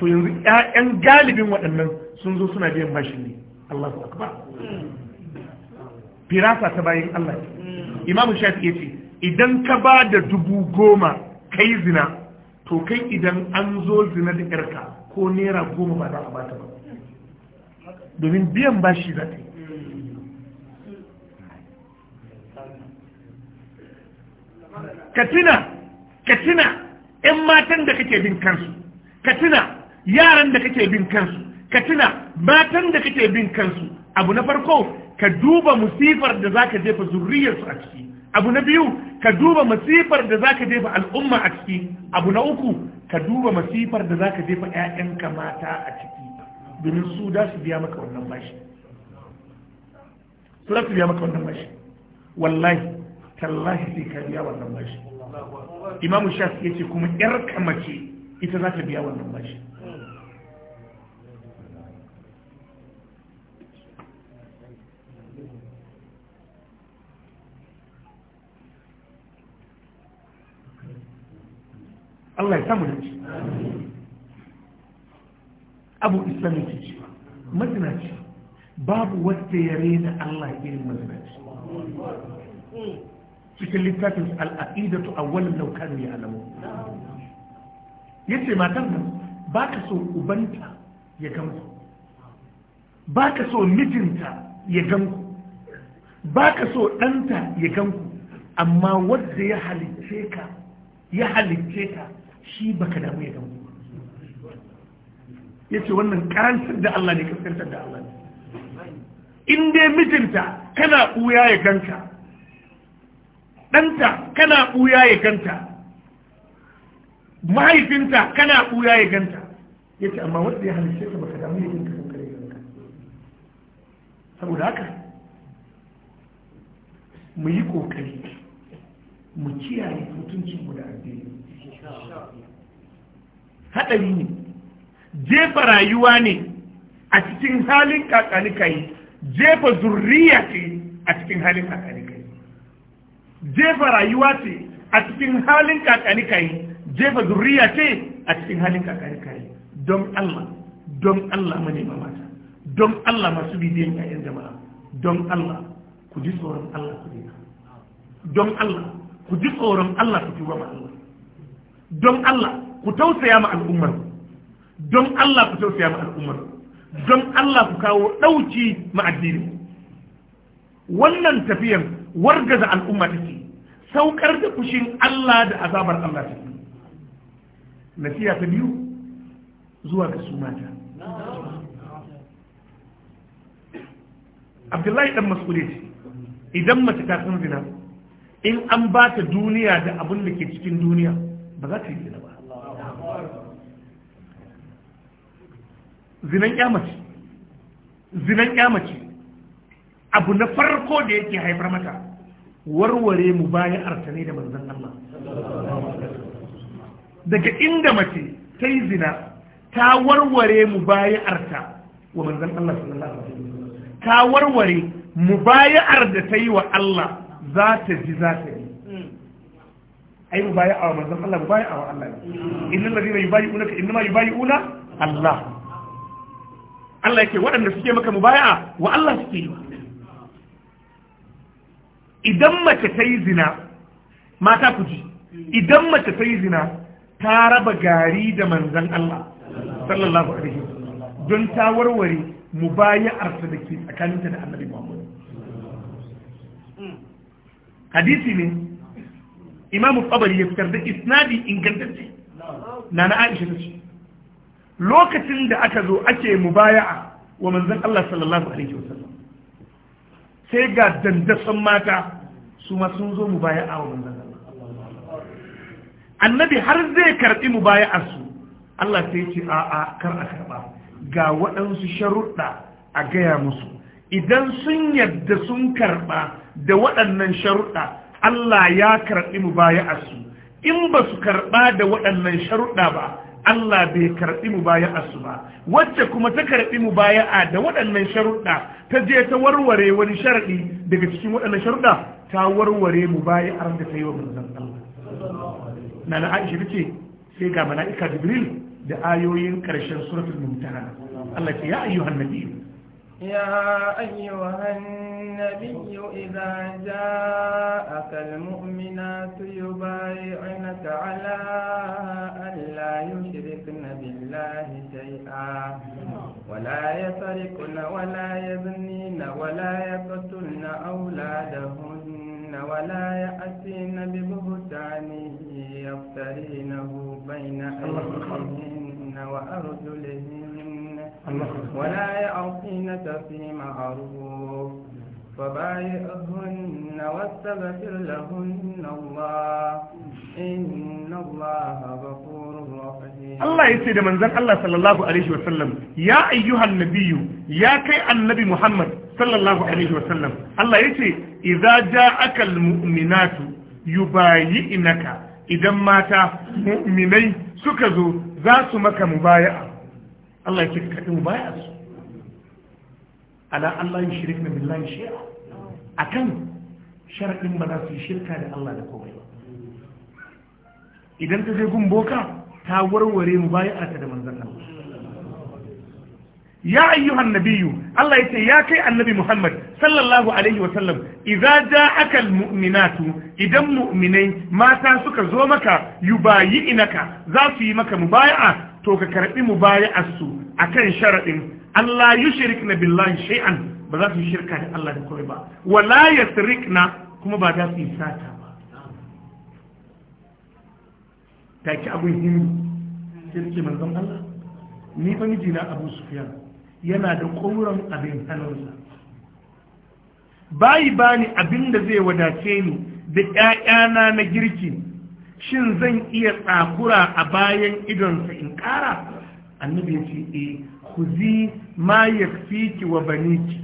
to yanzu 'ya'yan galibin waɗannan sun zo suna biyan bashin ne Allahu akbar firasa ta bayan Allah imam shafi ya ce idan ka ba da dubu goma ka yi zina to kai idan an zo zina da yarka ko naira goma ba za a bata ba domin biyan bashi za ta yi katina katina 'yan matan da kake bin kansu katina yaran da kake bin kansu katina matan da kake bin kansu abu na farko ka duba musifar da za ka jefa zurriyarsu a ciki abu na biyu ka duba masifar da za ka jefa al'umma a ciki abu na uku ka duba masifar da za ka jefa ƴaƴanka mata a ciki domin su da su biya maka wannan bashi su da su biya maka wannan bashi wallahi tallahi sai ka biya wannan bashi imamu shafi ya ce kuma yar kamace ita za ta biya wannan bashi Allah ya samu ci. abu islam yake cewa mazinaci babu wata ya rena Allah irin mazinaci cikin littafin a al'aqidatu awwalan law kanu ya ce matan nan ba ka so ubanta ya gamsu ba ka so mijinta ya ganku ba ka so ɗanta ya ganku amma wadda ya halicce ka ya halicce ka shi baka damu ya damu ya ce wannan karantar da Allah ne kaskantar da Allah ne in dai mijinta kana ɓuya ya ganta. ɗanta kana ɓuya ya ganta mahaifinta kana ɓuya ya ganta ya ce amma wanda ya halishe ka baka damu ya ganta sun kare ganka saboda haka mu yi ƙoƙari mu kiyaye mu da addini haɗari ne jefa rayuwa ne a cikin halin kai jefa zurriya ce a cikin halin kakanikai jefa rayuwa ce a cikin halin kai jefa zurriya ce a cikin halin kai don Allah don Allah nema mata don Allah masu bidiyan ƴaƴan jama'a don Allah ku ji tsoron Allah ku dina don Allah ku ji tsoron Allah ku ji ma Allah don Allah ku tausaya ma al'ummar don Allah ku tausaya ma al'ummar don Allah ku kawo ɗauki ma addini wannan tafiyan wargaza al'umma take saukar da kushin Allah da azabar Allah take nasiya ta biyu zuwa ga su abdullahi dan mas'ule idan mace ta san zina in an ba ta duniya da abin da ke cikin duniya ba za ta yi zina ba zinan kyamace zinan kyamace abu na farko da yake haifar mata warware mu baya artane da manzan Allah daga inda mace ta yi zina ta warware mu baya arta wa manzan Allah sallallahu alaihi ta warware mu baya arda ta yi wa Allah za ta ji za ta yi ai mubayi awa manzan Allah mubayi awa Allah ne. na una innal ladina yubayi'unaka innama una, Allah Allah yake waɗanda suke maka mubaya'a wa Allah suke yi idan mace ta yi zina mata ku ji idan mace ta yi zina ta raba gari da manzan Allah sallallahu alaihi don ta warware mubaya'arsa da ke tsakaninta da annabi Muhammad hadisi ne imamu qabari ya fitar da isnadi ingantacce na na aisha ta ce lokacin da aka zo ake mu baya'a, wa manzon Allah sallallahu alaihi wa sallam sai ga dandasan mata su ma sun zo mu baya'a wa manzon Allah annabi har zai karɓi mu su Allah sai ce a a kar a karɓa, ga waɗansu sharuɗa a gaya musu idan sun yadda sun karɓa da waɗannan sharuɗa Allah ya karɓi mu baya a su in ba su karɓa da waɗannan sharuɗa ba Allah bai karɓi mu baya a su ba wacce kuma ta karɓi mu baya a da waɗannan sharuɗa ta je ta warware wani sharaɗi daga cikin waɗannan sharuɗa ta warware mu baya a da ta yi wa manzon Allah na na Aisha ce sai ga mala'ika Jibril da ayoyin ƙarshen suratul mumtahana Allah ce ya ayyuhan nabiyyu يا أيها النبي إذا جاءك المؤمنات يبايعنك على أن لا يشركن بالله شيئا ولا يسرقن ولا يزنين ولا يقتلن أولادهن ولا يأتين ببهتان يفترينه بين أيديهن وأرجلهن ولا يعصينك في معروف فبايعهن واستغفر لهن الله إن الله غفور رحيم الله يسيد من ذن الله صلى الله عليه وسلم يا أيها النبي يا كي النبي محمد صلى الله عليه وسلم الله يسي إذا جاءك المؤمنات يبايئنك إذا مات مؤمنين سكزوا ذات مك مبايئه Allah yake ka mu baya su ala Allah yushrikna billahi shay'a akan sharadin ba za su yi shirka da Allah da komai ba idan ta je gun boka ta warware mu baya a ta da manzon Allah ya ayyuhan nabiyyu Allah ya ce ya kai annabi Muhammad sallallahu alaihi wa sallam idza ja'aka almu'minatu idan mu'minai mata suka zo maka inaka, za su yi maka mubaya'a to ka karbi a akan sharadin Allah yushrikna billahi shay'an ba za su shirka da Allah da komai ba wala yasrikna kuma ba za su yi sata ba ki abun himmi sai ce manzon Allah ni fa miji na Abu Sufyan yana da kuran abin hannunsa bayi bani abin da zai wadace ni da 'ya'yana na girki shin zan iya tsakura a bayan idonsa in kara annabi ce e eh, kuzi ma ya wa baniki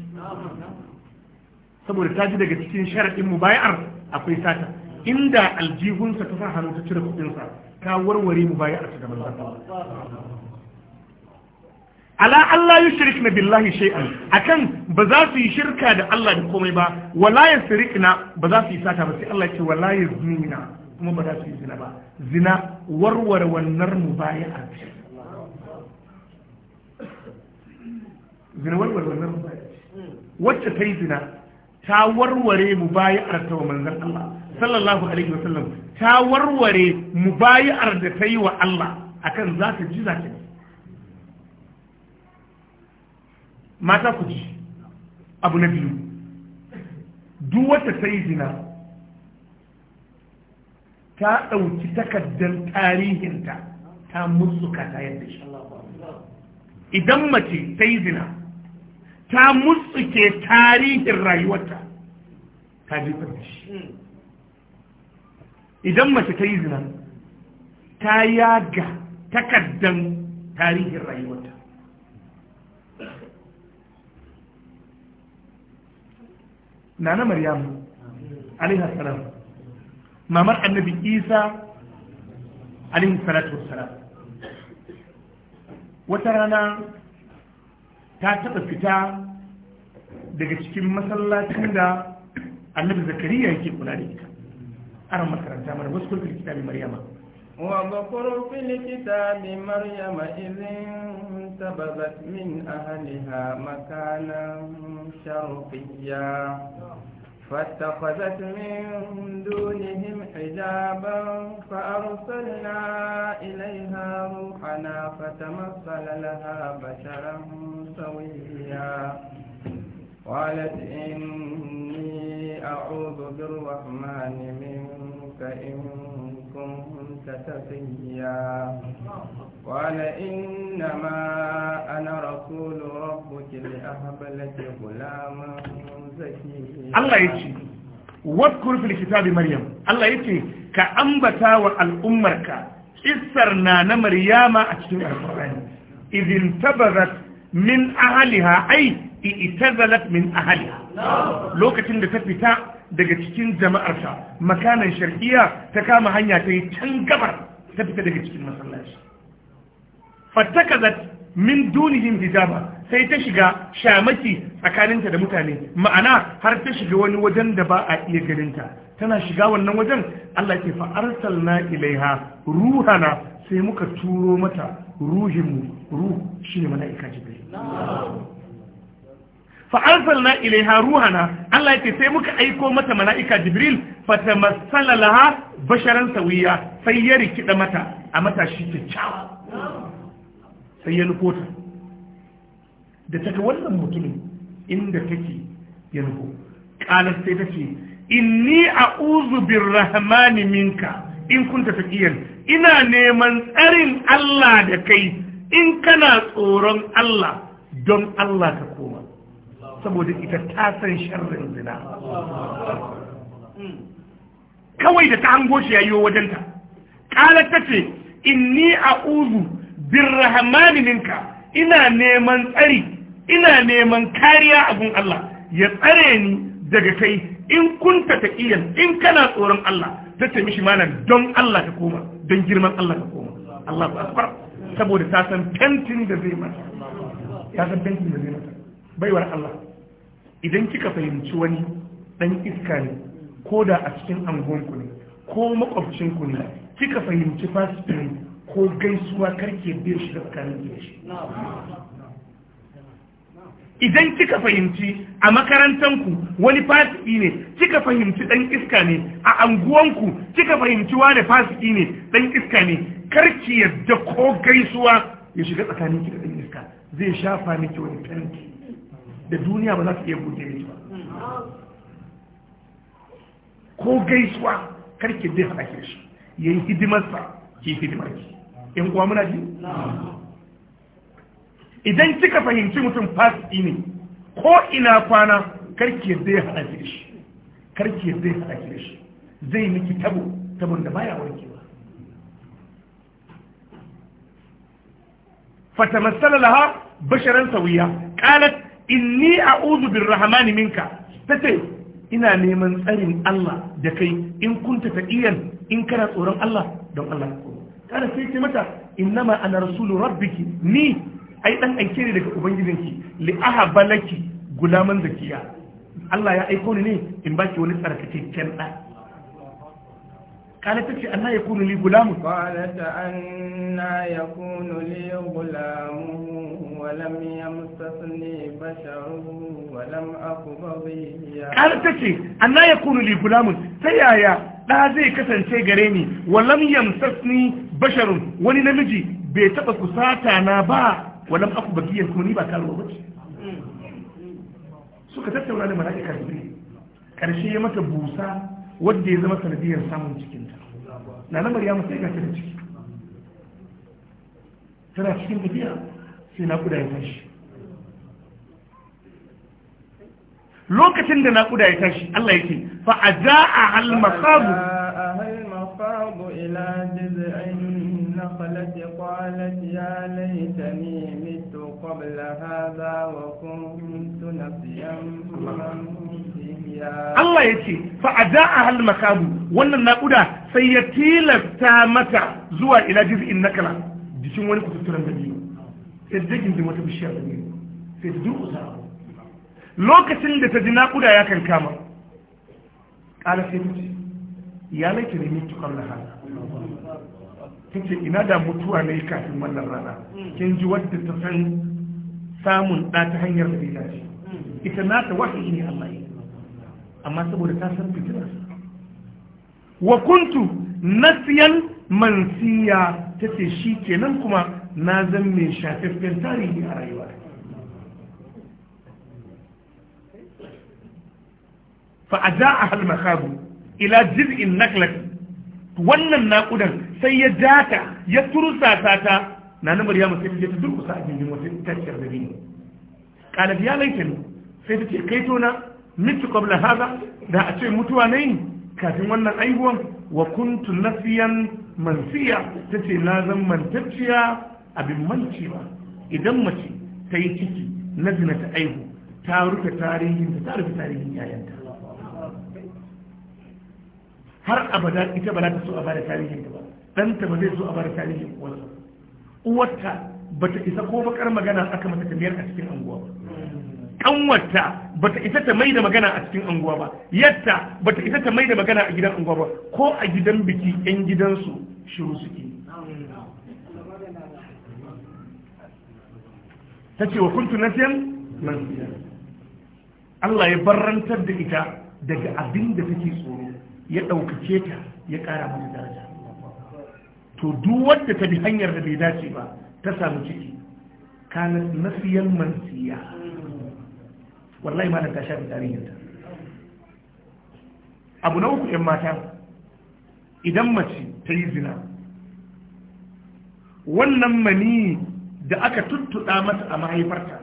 saboda ta ji daga cikin sharaɗin mubayar akwai sata inda aljihunsa ta sa hannu ta cire kuɗinsa ta warware mubayar ta gaban zata ala Allah yi shirik na billahi shay'an akan ba za su yi shirka da Allah da komai ba wala ya na ba za su yi sata ba sai Allah ce wala ya kuma ba za su yi zina ba zina warware wannan mu baya a ce zina warware wannan mu baya wacce ta yi zina ta warware mu baya a ta wa manzan Allah sallallahu alaihi wa sallam ta warware mu baya da ta yi wa Allah akan za ta ji za ta mata ku ji abu na biyu duk wacce ta yi zina ta ɗauki takardar tarihinta ta mutsuka ta yadda shi idan mace ta yi zina ta mutsuke tarihin rayuwarta ta ji da idan mace ta yi zina ta yaga takardar tarihin rayuwarta nana maryamu alaihi mamar annabi isa alayhi salatu wassalam wata rana ta taɓa fita daga cikin masallacin da annabi zakariya yake kula da ita aran makaranta mana wasu kulkul kitabin maryama وذكر في الكتاب مريم إذ انتبذت من أهلها مكانا شرقيا فاتخذت من دونهم حجابا فأرسلنا إليها روحنا فتمثل لها بشرا سويا قالت إني أعوذ بالرحمن منك إن كنت تقيا قال إنما أنا رسول ربك لأهب لك غلاما زكيا الله يجي واذكر في الكتاب مريم الله يجي كأنبتا والأمرك إسرنا نمريم أتشتم القرآن إذ انتبذت من أهلها أي i'tazalat min ahliha lokacin da ta fita daga cikin jama'arsa makanan shar'iyya ta kama hanya ta yi can gabar ta fita daga cikin masallaci fattakazat min dunihim hijaba sai ta shiga shamaki tsakaninta da mutane ma'ana har ta shiga wani wajen da ba a iya ganinta tana shiga wannan wajen Allah ke fa arsalna ilaiha ruhana sai muka turo mata ruhinmu ruh shine mala'ika jibril fa arsalna ilaiha ruhana Allah yake sai muka aiko mata mala'ika Jibril fa tamassala laha basharan sawiya sai ya rikida mata a matashi kyakkyawa sai ya nufo ta da ta wannan mutumin inda take ya nufo kalar sai ta ce inni a'udhu birrahmani minka in kunta taqiyan ina neman tsarin Allah da kai in kana tsoron Allah don Allah ka koma saboda ita ta san sharrin zina kawai da ta hango shi yayi wajenta kala tace inni a'udhu birrahmani minka ina neman tsari ina neman kariya abun Allah ya tsare ni daga kai in kunta taqiyan in kana tsoron Allah tace mishi malam don Allah ka koma don girman Allah ka koma Allah Allahu akbar saboda ta san tentin da zai mata ya san tentin da zai mata baiwar Allah idan kika fahimci wani dan iska ne ko da a cikin angonku ne ko makwabcinku ne kika fahimci fasfin ne ko gaisuwa karke biyar shi da tsakanin da shi idan kika fahimci a makarantanku wani fasiki ne kika fahimci dan iska ne a anguwanku kika fahimci wani fasiki ne dan iska ne karki yadda ko gaisuwa ya shiga tsakanin ki da dan iska zai shafa miki wani fenti da duniya ba za su iya buɗe miki ba ko gaisuwa karki zai haɗa ke shi ya yi hidimarsa ke hidimar ki yan kuwa muna ji idan kika fahimci mutum fasiki ne ko ina kwana karki zai haɗa ke shi karki zai haɗa ke shi zai miki tabo tabon da baya fata fatamassala laha basharan sauya qalat inni bin birrahmani minka tace ina neman tsarin Allah da kai in kunta taqiyan in kana tsoron Allah don Allah kada sai ce mata innama ana rasulu rabbiki ni ai dan aike ne daga ubangijinki li ahabalaki gulaman zakiya Allah ya aiko ni ne in baki wani tsarkake da قالت تشي أنا يكون لي غلام قالت أنا يكون لي غلام ولم يمسسني بشر ولم أك بغيا قالت تشي أنا يكون لي غلام تيايا لا زي كسن شي غريني ولم يمسسني بشر ولي نمجي بيتبقى كساتا نابا ولم أك بغيا كوني بكارو بشي suka tattauna da mala'ika jibril karshe ya mata busa wadda ya zama sanadiyar samun cikinta na na maryamu sai ga ta da ciki tana cikin tafiya sai na kuda ya tashi lokacin da na kuda ya tashi Allah ya ce fa ajaa al masabu إلى قالت يا ليتني مت قبل هذا وكنت نسيا منسيا Allah ya ce fa a za a hal makabu wannan naƙuda sai ya tilasta mata zuwa ila na kala. jikin wani kututturen da biyu sai ta da wata bishiyar da biyu sai da ta durƙusa lokacin da ta ji naƙuda ya kan kama ƙala sai ta ce ya laike ne mutu ƙarna hana ta ce ina da mutuwa ne kafin wannan rana kin ji wadda ta san samun ɗa ta hanyar da bai dace ita na ta wahayi ne Allah ya amma saboda ta san fitinarsa wa kuntu nasiyan mansiya ta ce shi kenan kuma na zan mai shafaffen tarihi a rayuwa fa'aja a halmakabu ila jirgin naklat wannan naƙudan sai ya jata ya turusa ta na na maryamu sai ta turusa a jirgin wata tashar da biyu ƙalab ya laifin sai ta ce tona. mitu kabla hada da a ce mutuwa ne kafin wannan aihuwan wa kuntu nafiyan mansiya ce na zan mantacciya abin ba. idan mace ta yi ciki na zina ta aihu ta rufe tarihin ta rufe tarihin yayanta har abada ita ba ta so a bada tarihin ta ba ta ba zai so a bada tarihin uwarsa uwarta ba ta isa ko bakar magana aka mata tambayar a cikin anguwa ba kanwarta ta isa ta mai da magana a cikin anguwa ba yadda ta isa ta mai da magana a gidan anguwa ba ko a gidan biki yan gidansu shiru suke ta ce wa kuntu siyan nan Allah ya barrantar da ita daga abin da take tsoro ya ɗaukace ta ya ƙara mata daraja to duk wadda ta bi hanyar da bai dace ba ta samu ciki kana nasiyan mansiya wallahi malam ta shafi tarihinta abu na uku ‘yan mata idan mace ta yi zina wannan mani da aka tuttuɗa mata a mahaifarta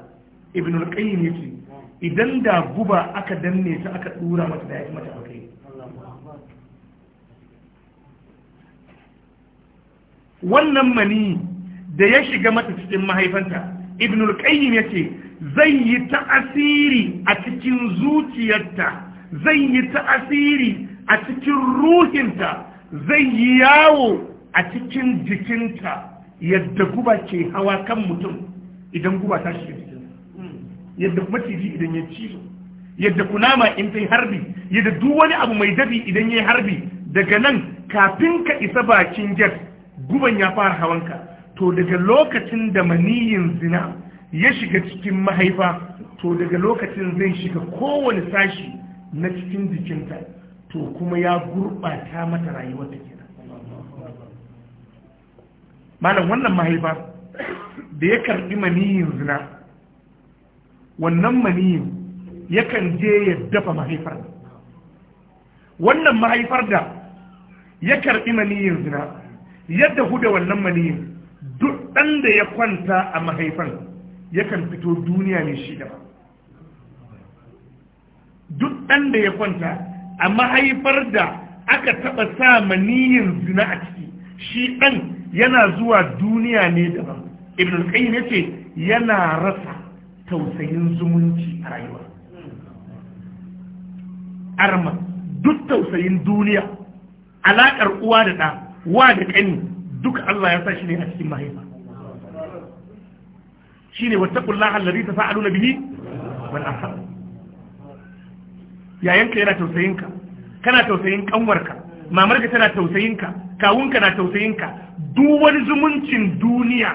ibn al-qayyim yace idan da guba aka danne ta aka dura mata da fi mata kai wannan mani da ya shiga mata cikin mahaifanta ibn al-qayyim yace zai yi ta'asiri a cikin zuciyarta zai yi ta'asiri a cikin ruhinta zai yi yawo a cikin jikinta yadda guba ke hawa kan mutum idan guba ta shiga jikinsa yadda kuma ciji idan ya ci yadda kunama in ta yi harbi yadda duk wani abu mai dabi idan ya yi harbi daga nan kafin ka isa bakin jar guban ya fara hawanka to daga lokacin da maniyin zina ya shiga cikin mahaifa to daga lokacin zai shiga kowane sashi na cikin jikinta to kuma ya gurɓata mata rayuwarta kenan malam wannan mahaifa da ya karɓi maniyin zina wannan maniyin yakan je ya dafa mahaifar wannan mahaifar da ya karɓi maniyin zina yadda huda wannan maniyin duk ɗan da ya kwanta a mahaifan yakan fito duniya ne shi gaba duk ɗan da ya kwanta a mahaifar da aka taɓa sa maniyin zina a ciki shi ɗan yana zuwa duniya ne daban ibn qayyim yace yana rasa tausayin zumunci a rayuwa arma duk tausayin duniya alaƙar uwa da ɗa wa da ƙani duk Allah ya sa shi ne a cikin mahaifa shine wattaqullaha allazi tasaaluna bihi wal arham yayanka yana tausayinka kana tausayin kanwarka mamarka tana tausayinka kawunka na tausayinka duk wani zumuncin duniya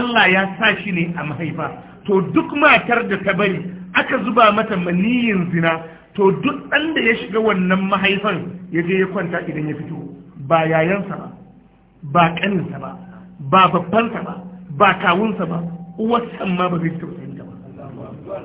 Allah ya sa shi ne a mahaifa to duk matar da ta bari aka zuba mata maniyin zina to duk ɗan da ya shiga wannan mahaifan ya je ya kwanta idan ya fito ba yayansa ba ba ƙaninsa ba ba babbansa ba ba kawunsa ba uwarsa ma ba zai tausayin ta ba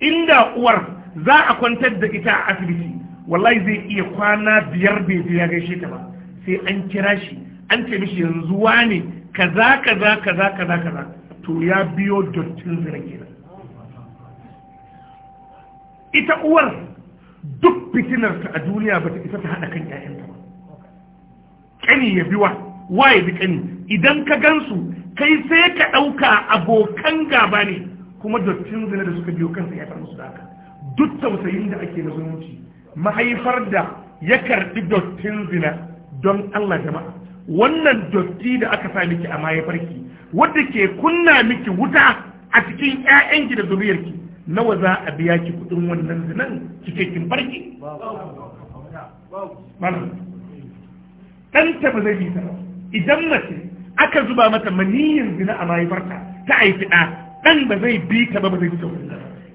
inda uwar za a kwantar da ita a asibiti wallahi zai iya kwana biyar bai je ya gaishe ta ba sai an kira shi an ce mishi yanzu wane kaza kaza kaza kaza kaza to ya biyo dottin zira kenan ita uwar duk fitinarta a duniya ba ta isa ta haɗa kan 'ya'yanta ba Kani ya biwa wa ya bi kani. idan ka gansu kai sai ka ɗauka abokan gaba ne kuma dottin zina da suka biyo kansa ya musu da duk tausayin da ake na zumunci mahaifar da ya karɓi dottin zina don Allah jama'a wannan dotti da aka sa miki a mahaifarki wadda ke kunna miki wuta a cikin ki da zuriyarki nawa za a biya ki kuɗin wannan zinan cikakken barki ɗanta ba zai bi ta idan mace aka zuba mata maniyin zina a mahaifarta ta haifi ɗa ɗan ba zai bi ta ba ba zai bi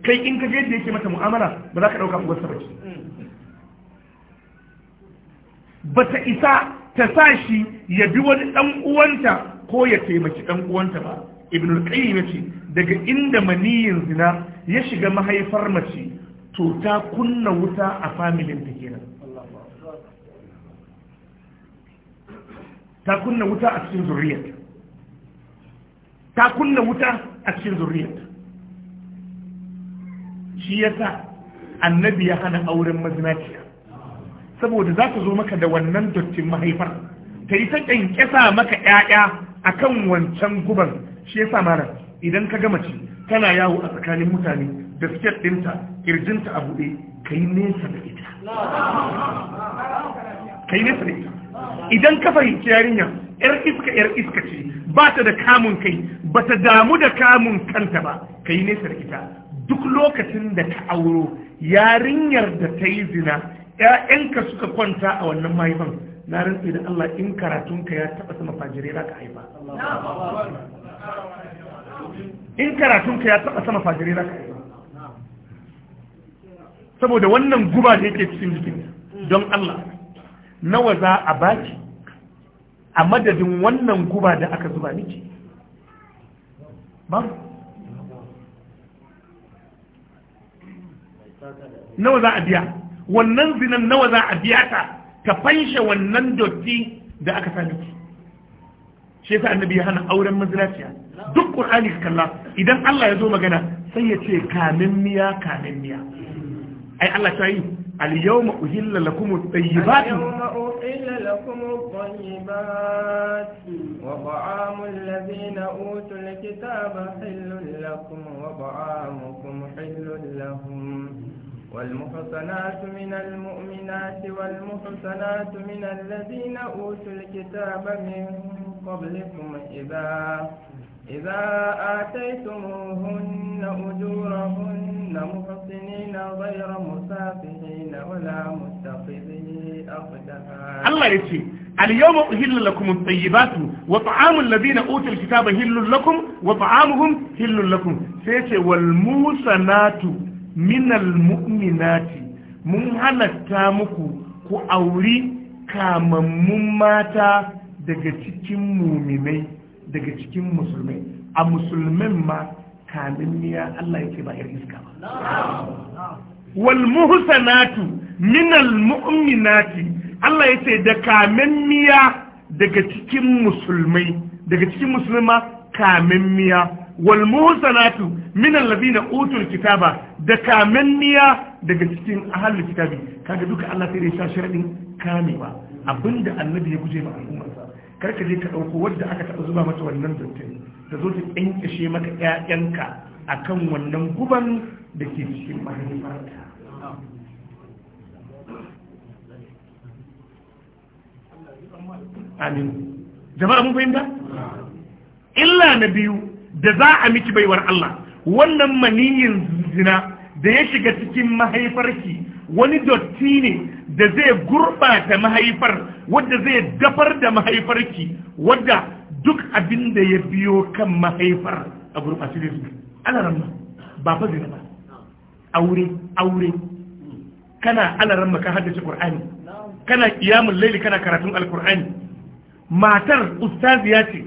kai in ka je da yake mata mu'amala ba za ka ɗauka uwarsa ba ba ta isa ta sa shi ya bi wani ɗan uwanta ko ya taimaki ɗan uwanta ba ibn al-qayyim yace daga inda maniyin zina ya shiga mahaifar mace to ta kunna wuta a familin ta kenan ta kunna wuta a cikin zuriyarta ta kunna wuta a cikin zuriyarta shi yasa annabi ya hana auren mazinaciya saboda za ta zo maka da wannan dottin mahaifar ta yi ta ƙyanƙyasa maka ƴaƴa kan wancan guban shi sa mara idan ka gama ci, tana yawo a tsakanin mutane da siket ɗinta ƙirjinta a buɗe ka yi nesa da ita idan ka fahimci yarinya yar iska yar iska ce ba ta da kamun kai ba ta damu da kamun kanta ba ka yi nesa da ita duk lokacin da ka auro yarinyar da ta yi zina ‘ya'yanka suka kwanta a wannan mahaifan na rantsi da Allah in karatunka ya taɓa sama fajirai za ka haifa in karatunka ya taɓa sama fajirai za ka haifa saboda wannan guba da yake cikin jikin don Allah nawa za a baki a madadin wannan guba da aka zuba miki ba nawa za a biya wannan zinan nawa za a biya ta ta fanshe wannan dotti da aka sami miki shi yasa annabi ya hana auren mazinaciya duk qur'ani ka kalla idan Allah ya zo magana sai ya ce kamin miya kamin miya ai Allah ta yi اليوم أهل لكم الطيبات اليوم أهل لكم الطيبات وطعام الذين أوتوا الكتاب حل لكم وطعامكم حل لهم والمحصنات من المؤمنات والمحصنات من الذين أوتوا الكتاب من قبلكم إذا إذا آتيتموهن أجورهم Allah ya ce al-yawma uhillu lakum at-tayyibatu wa ta'amu alladhina utul kitaba hillun lakum wa ta'amuhum hillun lakum sai ce wal musanatu minal mu'minati mun halatta muku ku auri kamammun mata daga cikin muminai daga cikin musulmai a musulmin ma kamimmiya Allah yake ba yar iska ba wal muhsanatu minal mu'minati Allah yace da miya daga cikin musulmai daga cikin musulma kamimmiya wal muhsanatu minal ladina utul kitaba da miya daga cikin ahlul kitabi kaga duka Allah sai da sha sharadin kamewa abinda annabi ya guje ma al'ummarsa karka je ka dauko wanda aka taɓa zuba mata wannan zantin ta zo ta tsinkashe maka ƴaƴanka kan wannan guban da ke cikin mahaifarka amin jama'a mun fahimta illa na biyu da za a miki baiwar Allah wannan maniyin zina da ya shiga cikin mahaifarki wani dotti ne da zai gurɓata mahaifar wadda zai dafar da mahaifarki wadda duk abin da ya biyo kan mahaifar a gurɓace da su alaramma ba fa zina ba aure aure kana alaramma ka haddace qur'ani kana qiyamul laili kana karatun alqur'ani matar ustazi ya ce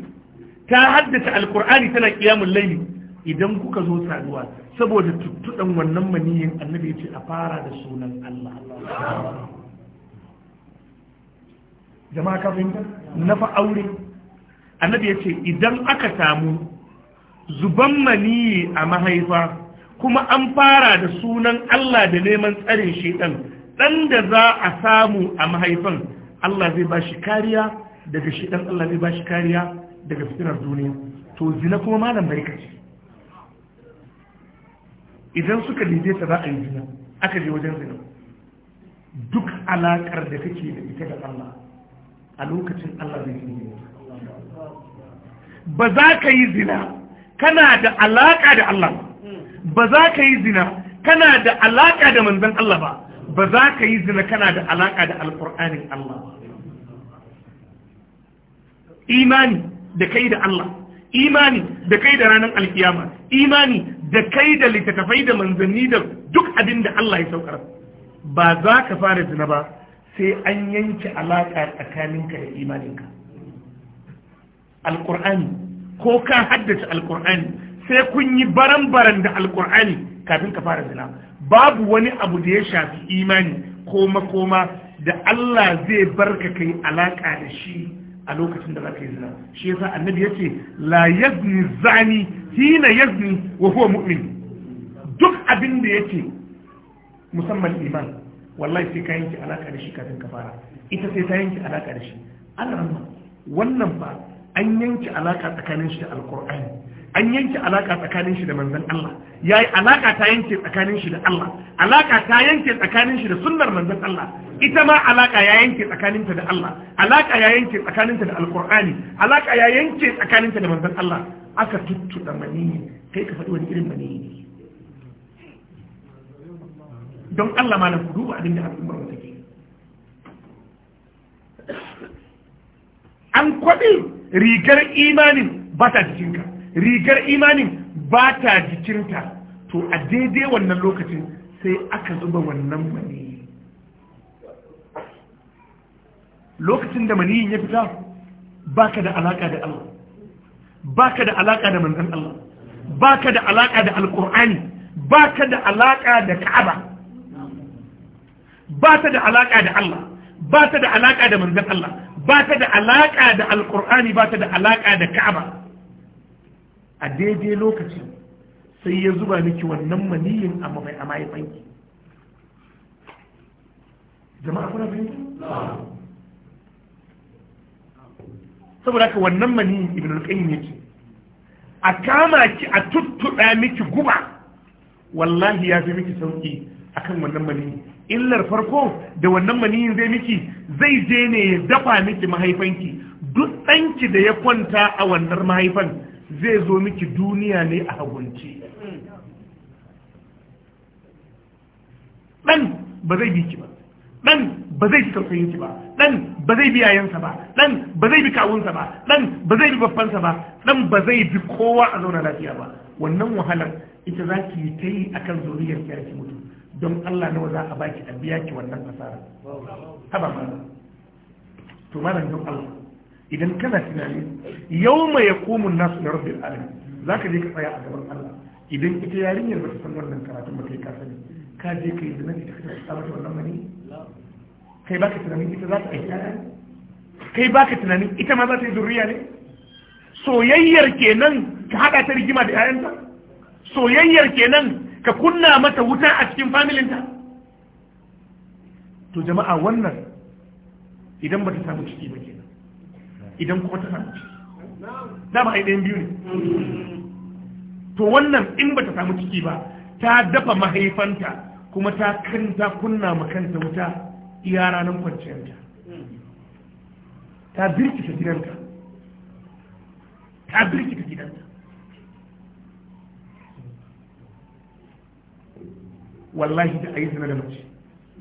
ta haddace alqur'ani tana qiyamul laili idan kuka zo saduwa saboda tuttuɗan wannan maniyin annabi ya ce a fara da sunan Allah jama'a ka fahimta na fa aure annabi ya ce idan aka samu zuban maniyi a mahaifa kuma an fara da sunan Allah da neman tsarin shaidan dan da za a samu a mahaifan Allah zai ba shi kariya daga shaidan Allah zai ba shi kariya daga fitinar duniya to zina kuma malam barka ce idan suka ta za a yi zina aka je wajen zina duk alaƙar da kake da ita da Allah a lokacin Allah zai zina ba za ka yi zina kana da alaƙa da Allah ba za ka yi zina kana da alaƙa da manzan Allah ba ba za ka yi zina kana da alaƙa da Alƙur'anin Allah imani da kai da Allah imani da kai da ranar alkiyama imani da kai da littattafai da manzanni da duk abin da Allah ya saukar ba za ka fara zina ba sai an yanke alaƙa tsakaninka da imaninka alkur'ani ko ka haddace alkur'ani sai kun yi baran-baran da alkur'ani kafin ka fara zina babu wani abu da ya shafi imani koma koma da Allah zai barka kai alaka da shi a lokacin da za ka yi zina shi yasa annabi ya ce la yazni zani hina yazni wa huwa mu'min duk abin da yake musamman iman wallahi sai ka yanke alaka da shi kafin ka fara ita sai ta yanke alaka da shi Allah wannan ba an yanke alaka tsakanin shi da alkur'ani an yanke alaka tsakanin shi da manzon Allah yayi alaka ta yanke tsakanin shi da Allah alaka ta yanke tsakanin shi da sunnar manzon Allah ita ma alaka ya yanke ta da Allah alaka ya yanke ta da alkur'ani alaka ya yanke ta da manzon Allah aka tuttuɗa maniyi kai ka faɗi wani irin maniyi ne don Allah malam ku duba abin da al'ummar mu take an kwaɓe rigar imanin ba ta jikinka rigar imanin ba ta jikinta to a daidai wannan lokacin sai aka zuba wannan mani lokacin da maniyin ya fita ba ka da alaƙa da Allah ba ka da alaƙa da manzan Allah ba ka da alaƙa da ba ka da alaƙa da ka'aba ba ta da alaƙa da Allah ba ta da alaƙa da manzan Allah ba ta da alaƙa da alƙur'ani ba ta da alaƙa da ka'aba a daidai lokacin sai ya zuba miki wannan maniyin amma mai ya banki jama'a kuna fahimta saboda ka wannan maniyin ibn al ya ce. a kama ki a tuttuɗa miki guba wallahi ya fi miki sauƙi akan wannan maniyin illar farko da wannan maniyin zai miki zai je ne ya dafa miki mahaifanki duk ɗanki da ya kwanta a wannan mahaifan zai zo miki duniya ne a hagunci ɗan ba zai biki ba ɗan ba zai fi karfayinki ba ɗan ba zai bi yayansa ba ɗan ba zai bi kawunsa ba ɗan ba zai bi babbansa ba ɗan ba zai bi kowa a zauna lafiya ba wannan wahalar ita za ki yi ta yi a akan zuriyar ki mutu don Allah nawa za a baki a biya ki wannan asara haba mana to malam don Allah idan kana tunani yawma yaqumu an-nasu li rabbil alamin zaka je ka tsaya a gaban Allah idan ita yarinyar ba ta san wannan karatun ba kai ka sani ka je ka yi zina ita ka ta mata wannan mani kai baka tunanin ita za ta aiki kai baka tunanin ita ma za ta yi zuriya ne soyayyar kenan ka hada ta rigima da 'ya'yanta soyayyar kenan ka kunna mata wuta a cikin familinta to jama'a wannan idan ba ta samu ciki ba kenan idan kuma ta samu ciki dama ai ɗayan biyu ne to wannan in ba ta samu ciki ba ta dafa mahaifanta kuma ta kanta kunna kanta wuta iya ranar kwanciyarta ta birkita gidanta ta birkita gidanta wallahi da ayi zina da mace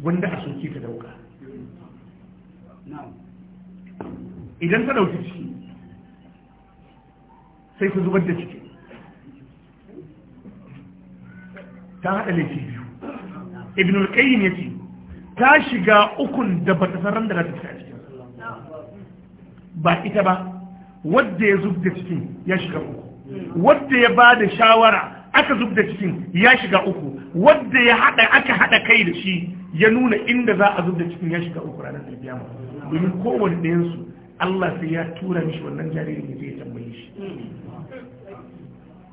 wanda a soke ta dauka idan ta dauki ciki sai ta zubar da ciki ta haɗa laifi biyu ibn al-qayyim yace ta shiga ukun da bata san ran da za ta fita a cikin ba ita ba wadda ya zub da cikin ya shiga uku wadda ya ba da shawara aka zub da cikin ya shiga uku wadda ya hada aka hada kai da shi ya nuna inda za a zub da cikin ya shiga uku ranar alkiyama domin kowane ɗayan su Allah sai ya tura mishi wannan jaririn da zai tambaye shi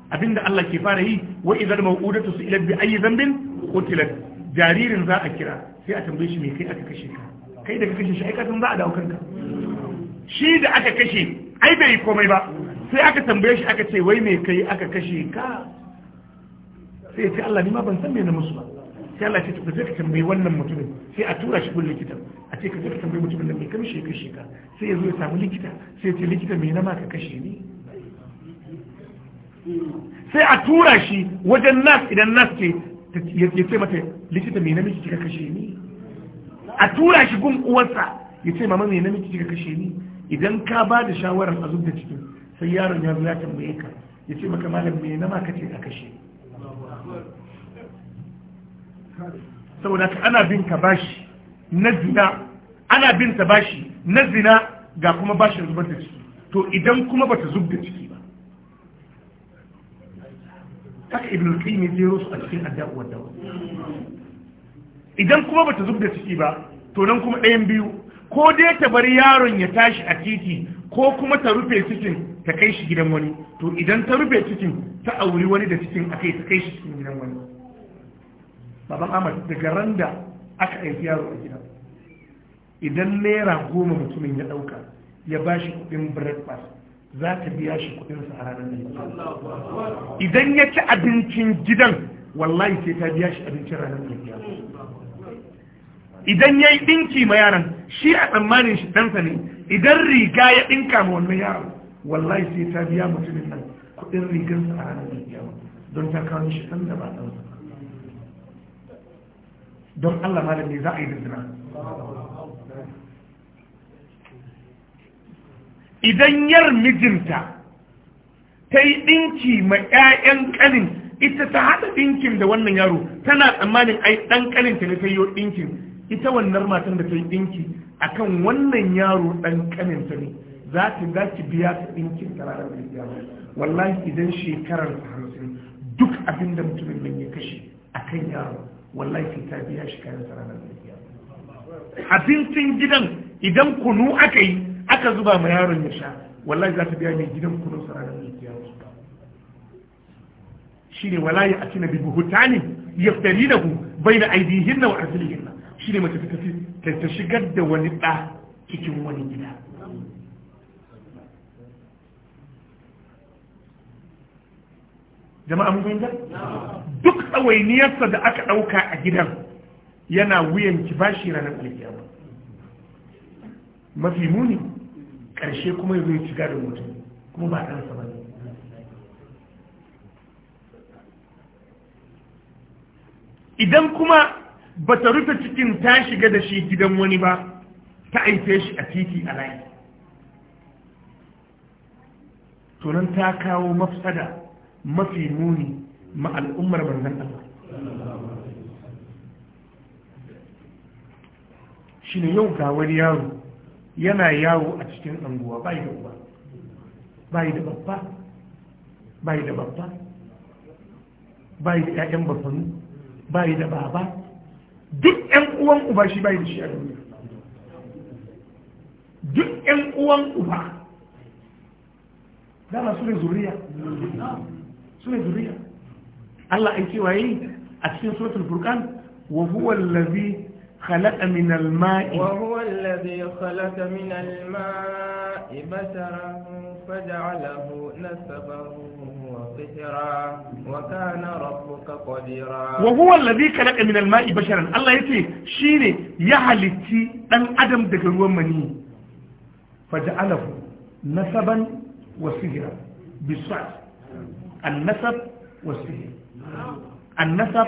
abinda Allah ke fara yi wa idan mawudatu su ila bi ayi zambin qutilat jaririn za a kira sai a tambaye shi me kai aka kashe ka kai da ka kashe shi ai za a dawo kanka shi da aka kashe ai bai komai ba sai aka tambaye shi aka ce wai me kai aka kashe ka sai ya ce Allah ni ma ban san me musu ba sai Allah ce to ka je ka tambayi wannan mutumin sai a tura shi gun likita a ce ka je ka tambayi mutumin nan me kan shi kashe ka sai ya zo ya samu likita sai ya ce likita me na ka kashe ni sai a tura shi wajen nas idan nas ce ya ce mata likita me na miki kika kashe ni a tura shi gun uwarsa ya ce mama me na miki kika kashe ni idan ka ba da shawarar a zub da sai yaron ya zo ya tambaye ka ya ce maka malam me na ma ka ce a kashe ni saboda ka ana bin ka bashi na zina ana bin ta bashi na zina ga kuma bashin zubar da ciki to idan kuma bata zub da ciki ba haka ibn al-qayyim ya jero su a cikin adda'u wa dawa idan kuma bata zub da ciki ba to nan kuma ɗayan biyu ko dai ta bar yaron ya tashi a titi ko kuma ta rufe cikin ta kai shi gidan wani to idan ta rufe cikin ta auri wani da cikin akai ta kai shi cikin gidan wani baban ahmad daga ran da aka aiki yaro a gida idan naira goma mutumin ya ɗauka ya ba shi kuɗin breakfast za ta biya shi kuɗinsa a ranar da idan ya ci abincin gidan wallahi sai ta biya shi abincin ranar da idan ya yi ɗinki ma yaran shi a tsammanin shi ɗansa ne idan riga ya ɗinka ma wannan yaron wallahi sai ta biya mutumin nan kuɗin sa a ranar da don ta kawo shi ɗan da ba ɗansa don Allah malam ne za a yi da idan yar mijinta ta yi ɗinki ma 'ya'yan ƙanin ita ta haɗa ɗinkin da wannan yaro tana tsammanin ai ɗan ƙaninta ne ta yi ɗinkin ita wannan matan da ta yi ɗinki a kan wannan yaro ɗan ƙaninta ne za ta za ki biya ta ɗinkin ta ranar da wallahi idan shekarar hamsin duk abin da mutumin nan ya kashe a kan yaro wallahi ta biya shi kayan sa ranar a abincin gidan idan kunu aka yi aka zuba ma yaron ya sha wallahi za ta biya mai gidan kunu sa ranar tafiya shi ne walayi a cina bibu hutani yaftari da ku bai da aidihin na wa arzilihin na shi ne mace ta shigar da wani ɗa cikin wani gida jama'a mun fahimta duk tsawainiyarsa da aka ɗauka a gidan yana wuyan ki bashi ranar alkiyama mafi muni ƙarshe kuma ya zai shiga da mutum kuma ba ɗansa ba idan kuma ba ta rufe cikin ta shiga da shi gidan wani ba ta aife shi a titi a layi tunan ta kawo mafsada mafi muni ma al'ummar manzan Allah shi ne yau ga wani yaro yana yawo a cikin anguwa bayi da uba bayi da babba bayi da babba bayi da 'ya'yan bafanu bayi da baba duk 'yan uwan uba shi bayi da shi a duniya duk 'yan uwan uba dama su ne zuriya su ne Allah ai cewa a cikin suratul furqan wa huwa allazi khalaqa min al-ma'i wa huwa allazi khalaqa min al-ma'i basaran faj'alahu nasaban wa qitra wa kana rabbuka qadira wa huwa allazi khalaqa min al basharan Allah yace shine ya halitti dan adam daga ruwan mani faj'alahu nasaban wa sihra bisu'a النسب wasihir annasab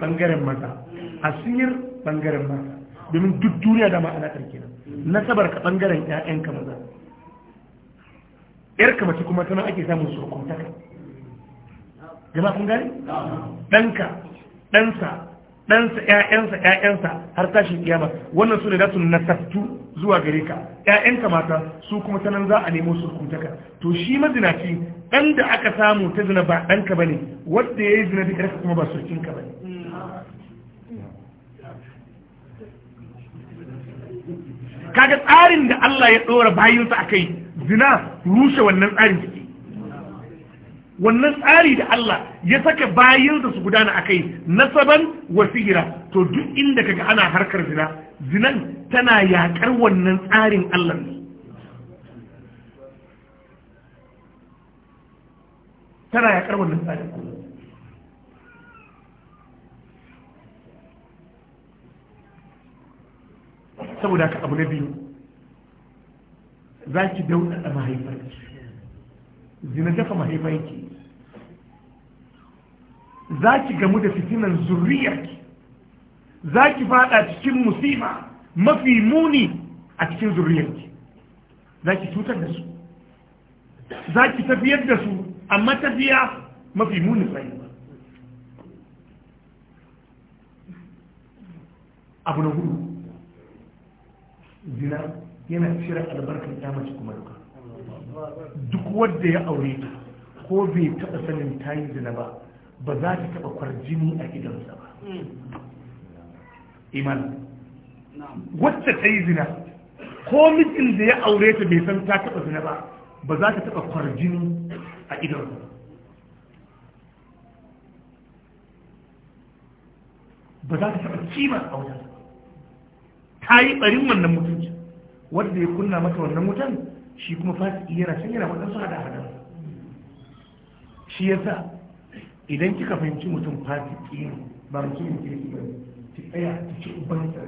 bangaren maza asir bangaren maza domin duk duniya da ma'ana karki nan nasabar ka bangaren ƴaƴanka maza ƴarka mace kuma tana ake samun surkuntaka jama'a kun gane ɗanka ɗansa ‘ya'yansa ‘ya'yansa har tashin kiyama wannan su ne za su zuwa gare ka ‘ya'yanka mata su kuma sanan za a nemo su kuntaka to shi mazinaci Dan da aka samu ta zina ba ɗanka ba ne wadda ya yi zina da ƙarfi kuma ba sokinka ba ne kaga tsarin da Allah ya ɗora bayansa a kai zina rushe wannan tsarin jiki wannan tsari da Allah ya saka bayansa su gudana a kai nasaban wasihira to duk inda kaga ana harkar zina zinan tana yaƙar wannan tsarin Allah ne tana yaƙar wannan tsarin saboda ka abu na biyu za ki dauɗaɗa mahaifarki zina dafa mahaifarki za ki gamu da fitinan zurriyarki za ki fada cikin musiba mafi muni a cikin zurriyarki za ki cutar da su za ki tafiyar da su amma tafiya mafi munin sai abu na hudu zina yana cire albarkar ya mace kuma duka duk wadda ya aure ta ko bai taɓa sanin ta yi zina ba ba za ta taɓa kwarjini a gidansa ba iman wacce ta yi zina ko mijin da ya aure ta bai san ta taɓa zina ba ba za ta taɓa kwarjini a idon ba za ta taɓa kima a wajen ta yi ɓarin wannan mutunci wanda ya kunna mata wannan mutan shi kuma iya yana can yana waɗansu hada hada shi ya sa idan kika fahimci mutum fasi iya ba mu ne ke ba ki tsaya ki ci uban ya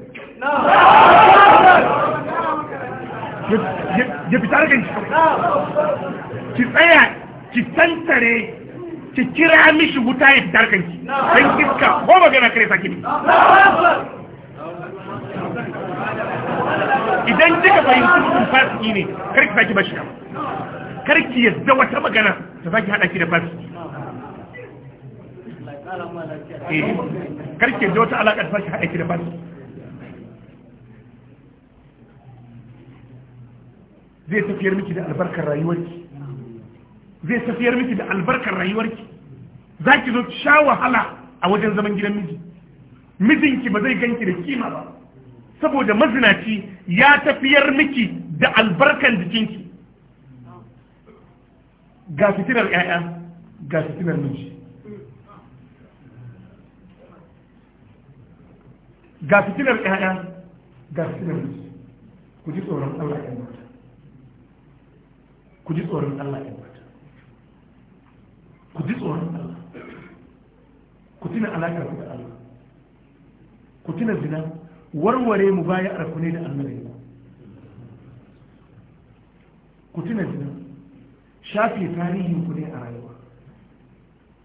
fita harkar ki ki tsaya ki tantare ki kira mishi wuta ya fitar kanki don kiska ko magana kare saki idan kika fahimci mutum fasiki ne kar ki saki bashi kar ki yadda wata magana ta saki hada ki da fasiki eh, ki yadda wata alaƙa ta saki hada ki da fasiki zai tafiyar miki da albarkar rayuwarki zai tafiyar miki da albarkar rayuwarki za ki zo sha wahala a wajen zaman gidan miji mijinki ba zai ganki da kima ba saboda mazinaci ya tafiyar miki da albarkan jikinki ga fitinar 'ya'ya ga fitinar miji ga fitinar 'ya'ya ga fitinar miji ku ji tsoron Allah ya ku ji tsoron Allah ya ku ji tsoron Allah ku tuna alaƙar da Allah ku tuna zina warware mu baya arku ne da annabi ku tuna zina shafe tarihin ku ne a rayuwa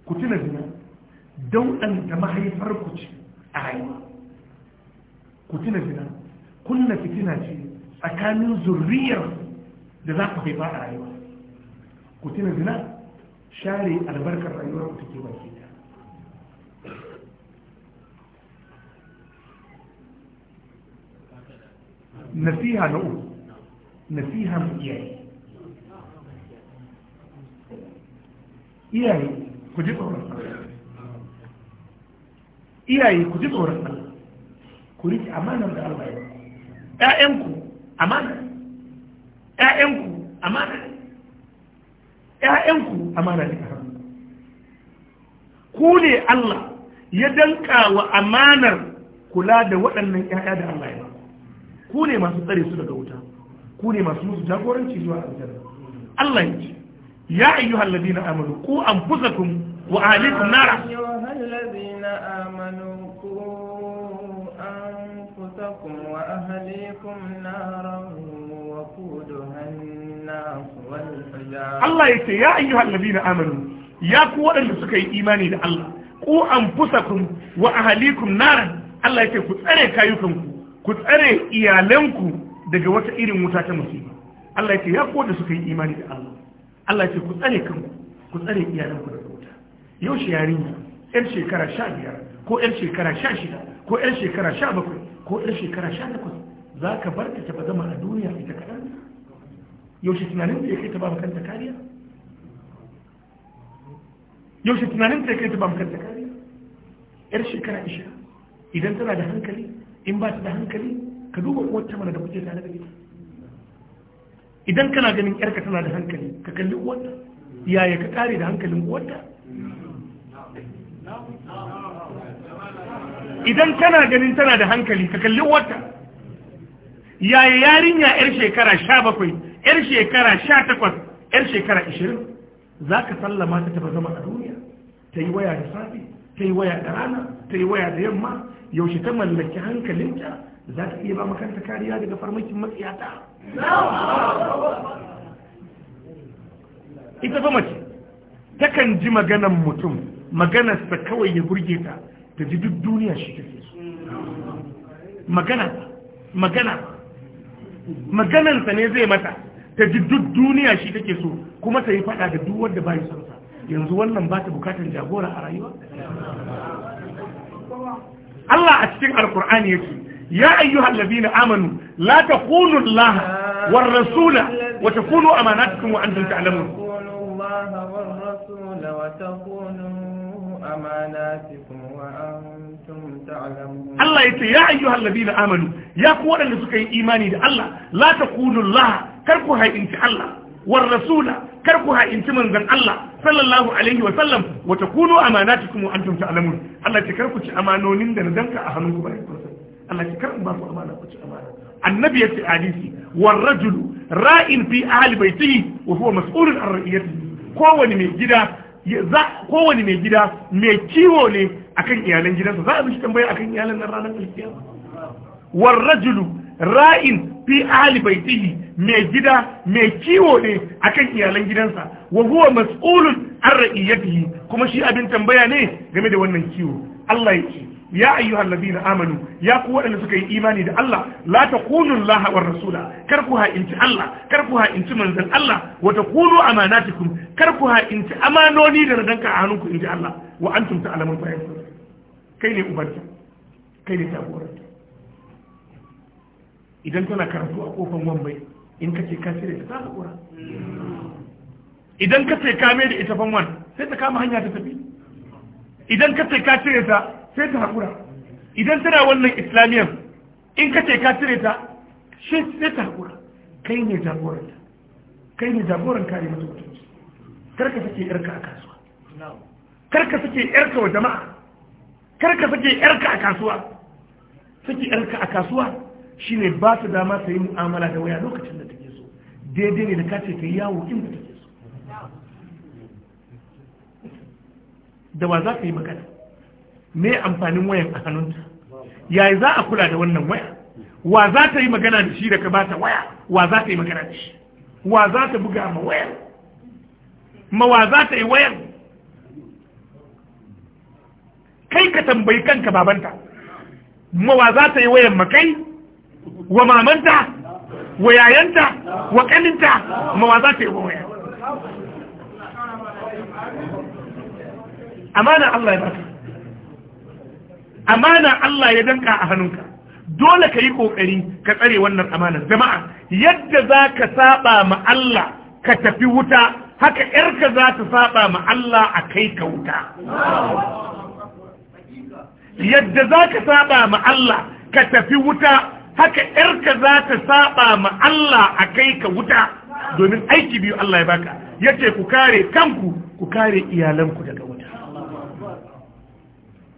ku tuna zina ta mahaifar ku ce a rayuwa ku tuna zina kunna fitina ce tsakanin zurriyar da za ku haifa a rayuwa ku tuna zina share albarkar rayuwar ku take baki da nasiha na uku nasiha mu iyaye iyaye ku ji tsoron iyaye ku ji tsoron Allah ku riƙe amanar da Allah ya ku ƴaƴanku amana ƴaƴanku amana ƴaƴanku amana ne a ku ne Allah ya danka wa amanar kula da waɗannan ƴaƴa da Allah ya ba ku ne masu tsare su daga wuta ku ne masu musu jagoranci zuwa aljanna Allah ya ce ya ayyu hallabi na amanu ku kun wa ahlikum nara أنفسكم وأهليكم Allah ya ce ya ayyuhal na amanu ya ku waɗanda suka yi imani da Allah ku anfusakum wa ahalikum naran Allah ya ce ku tsare kayukanku ku tsare iyalanku daga wata irin wuta ta musiba Allah ya ce ya ku waɗanda suka yi imani da Allah Allah ya ce ku tsare kanku ku tsare iyalanku daga wuta yau shi yarinya yan shekara sha biyar ko yan shekara sha shida ko yan shekara sha bakwai ko yan shekara sha takwas za ka bar ta tafi zama a duniya ita kaɗan yaushe tunanin ta ya kai ta ba makanta kariya yaushe tunanin ta ya kai ta ba makanta kariya yar shekara isha idan tana da hankali in ba ta da hankali ka duba uwarta mana da kuke tare da ita idan kana ganin yarka tana da hankali ka kalli uwarta yaya ka kare da hankalin uwarta idan kana ganin tana da hankali ka kalli uwarta yaya yarinya yar shekara sha bakwai 'yar shekara sha takwas 'yar shekara ishirin za ka sallama ta tafi zama a duniya ta yi waya da safe ta yi waya da rana ta yi waya da yamma yaushe ta mallaki hankalinta za ta iya ba makanta kariya daga farmakin matsiyata ita fa mace takan ji maganan mutum maganarsa kawai ya burge ta ta ji duk duniya shi take so magana magana maganarsa ne zai mata ta ji duk duniya shi take so kuma ta yi fada da duk wanda ba ya son sa yanzu wannan ba ta bukatar jagora a rayuwa Allah a cikin alkur'ani yake ya ayyuhal ladina amanu la takunu Allah war rasula wa takunu amanatukum wa antum ta'lamun Allah war rasula wa takunu amanatukum wa antum ta'lamun Allah ya ayyuhal ladina amanu ya ku waɗanda suka yi imani da Allah la takunu Allah kar ku haƙinci Allah war rasula kar ku haƙinci manzon Allah sallallahu alaihi wa sallam wa takunu amanatikum wa antum ta'lamun Allah ce kar ku ci amanonin da na danka a hannun ku bayan ku Allah ce kar in ba ku amana ku ci amana annabi ya ce hadisi war rajulu ra'in fi ahli baitihi wa huwa mas'ulun an ra'iyatihi kowani mai gida kowane mai gida mai kiwo ne akan iyalan gidansa za a mishi tambaya akan iyalan nan ranar alkiyama war rajulu ra'in fi ahli baitihi mai gida mai kiwo ne a kan iyalan gidansa wa huwa mas'ulun an ra'iyatihi kuma shi abin tambaya ne game da wannan kiwo Allah yake ya ayyuhal ladina amanu ya ku waɗanda suka yi imani da Allah la takunu laha war rasula kar ku ha'inci Allah kar ku ha'inci manzon Allah wa takunu amanatikum kar ku ha'inci amanoni da radanka a hannunku inji Allah wa antum ta'lamun fa kai ne ubarta kai ne jagoranta idan tana karatu a kofar wambai in ka ce ka cire ta ta haƙura idan ka ce ka mai da ita fanwan sai ta kama hanya ta tafi idan ka ce ka cire ta sai ta haƙura idan tana wannan islamiyyar in ka ce ka cire ta sai ta haƙura kai ne jagoranta kai ne jagoran kare mata mutunci karka sake yarka a kasuwa karka sake yarka wa jama'a karka sake yarka a kasuwa sake yarka a kasuwa shine ba su dama su yi mu'amala da waya lokacin da daidai ne da kace yi yawo inda take so da wa za ka yi magana me amfanin wayan a hannunta yayi za a kula da wannan waya wa za ta yi magana da shi da ka bata waya wa za ta yi magana da shi wa za ta buga ma wayan? ma wa za ta yi wayan? kai ka tambayi kanka babanta ma wa za ta yi wayan ma kai wa mamanta Wayayenta wa kaninta mawa za ta yi waya amana Allah ya baka amana Allah ya danka a hannunka dole ka yi kokari ka tsare wannan amana jama'a yadda za ka saba ma Allah ka tafi wuta haka yarka za ta saba ma Allah a kai ka wuta yadda za ka saba ma Allah ka tafi wuta haka ‘yarka za ta saba ma Allah a kai ka wuta domin aiki biyu Allah ya baka ya ce ku kare kanku ku kare iyalanku daga wuta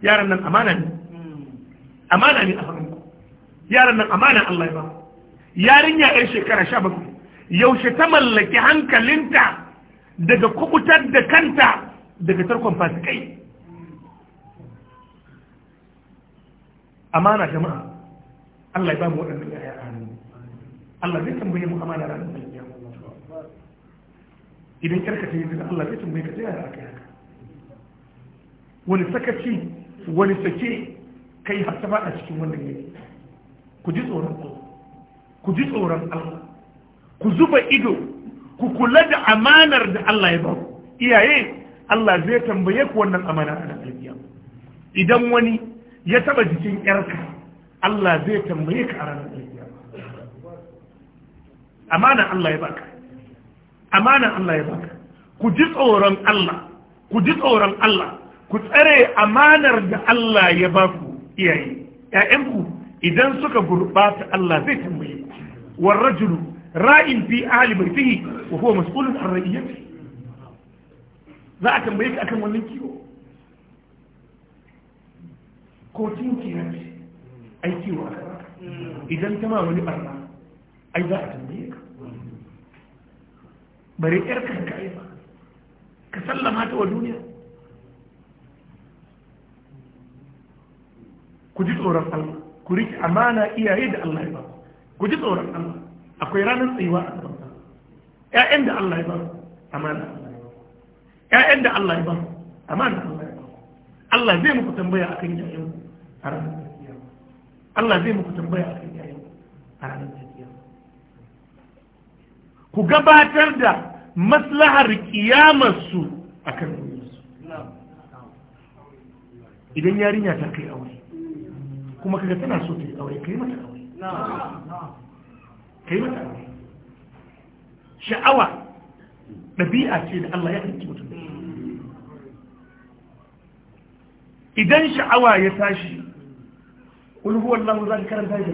yaran nan amana ne amana ne a hannunku yaran nan amana Allah ya ba yarinya ‘yar shekara sha bakwai yaushe ta mallaki hankalinta daga kubutar da kanta daga tarkon fasikai amana jama'a Allah ya ba mu waɗannan yaya amin Allah zai tambaye mu amana ranar alkiyama idan karka ta yi zina Allah zai tambaye ka ta yaya aka haka wani sakaci wani sake kai har ta faɗa cikin wannan yanayi ku ji tsoron ku, ku ji tsoron Allah ku zuba ido ku kula da amanar da Allah ya ba ku iyaye Allah zai tambaye ku wannan amana a nan idan wani ya taba jikin yarka Allah zai tambaye ka a ranar alkiyama amana Allah ya baka amana Allah ya baka ku ji tsoron Allah ku ji tsoron Allah ku tsare amanar da Allah ya baku iyaye ku idan suka gurɓata Allah zai tambaye ku war rajulu ra'in fi ahli baitihi wa huwa mas'ulun an ra'iyati za a tambaye ka akan wannan kiwo ko tinki ne aiki wa idan ta ma wani barna ai za a tambaye ka bare yar kan ka aifa ka sallama ta wa duniya ku ji tsoron Allah ku riƙe amana iyaye da Allah ya ba ku ji tsoron Allah akwai ranar tsayuwa a gaban Allah ƴaƴan da Allah ya ba amana ƴaƴan da Allah ya ba amana Allah ya ba Allah zai muku tambaya akan ƴaƴan a ranar Allah zai muku tambaya a kan yayin a ranar tafiya ku gabatar da maslahar kiyamarsu a kan duniyarsu idan yarinya ta kai aure kuma kaga tana so ta yi aure kai mata aure kai mata aure sha'awa ɗabi'a ce da Allah ya halicci mutum idan sha'awa ya tashi kul huwa Allah za ka karanta shi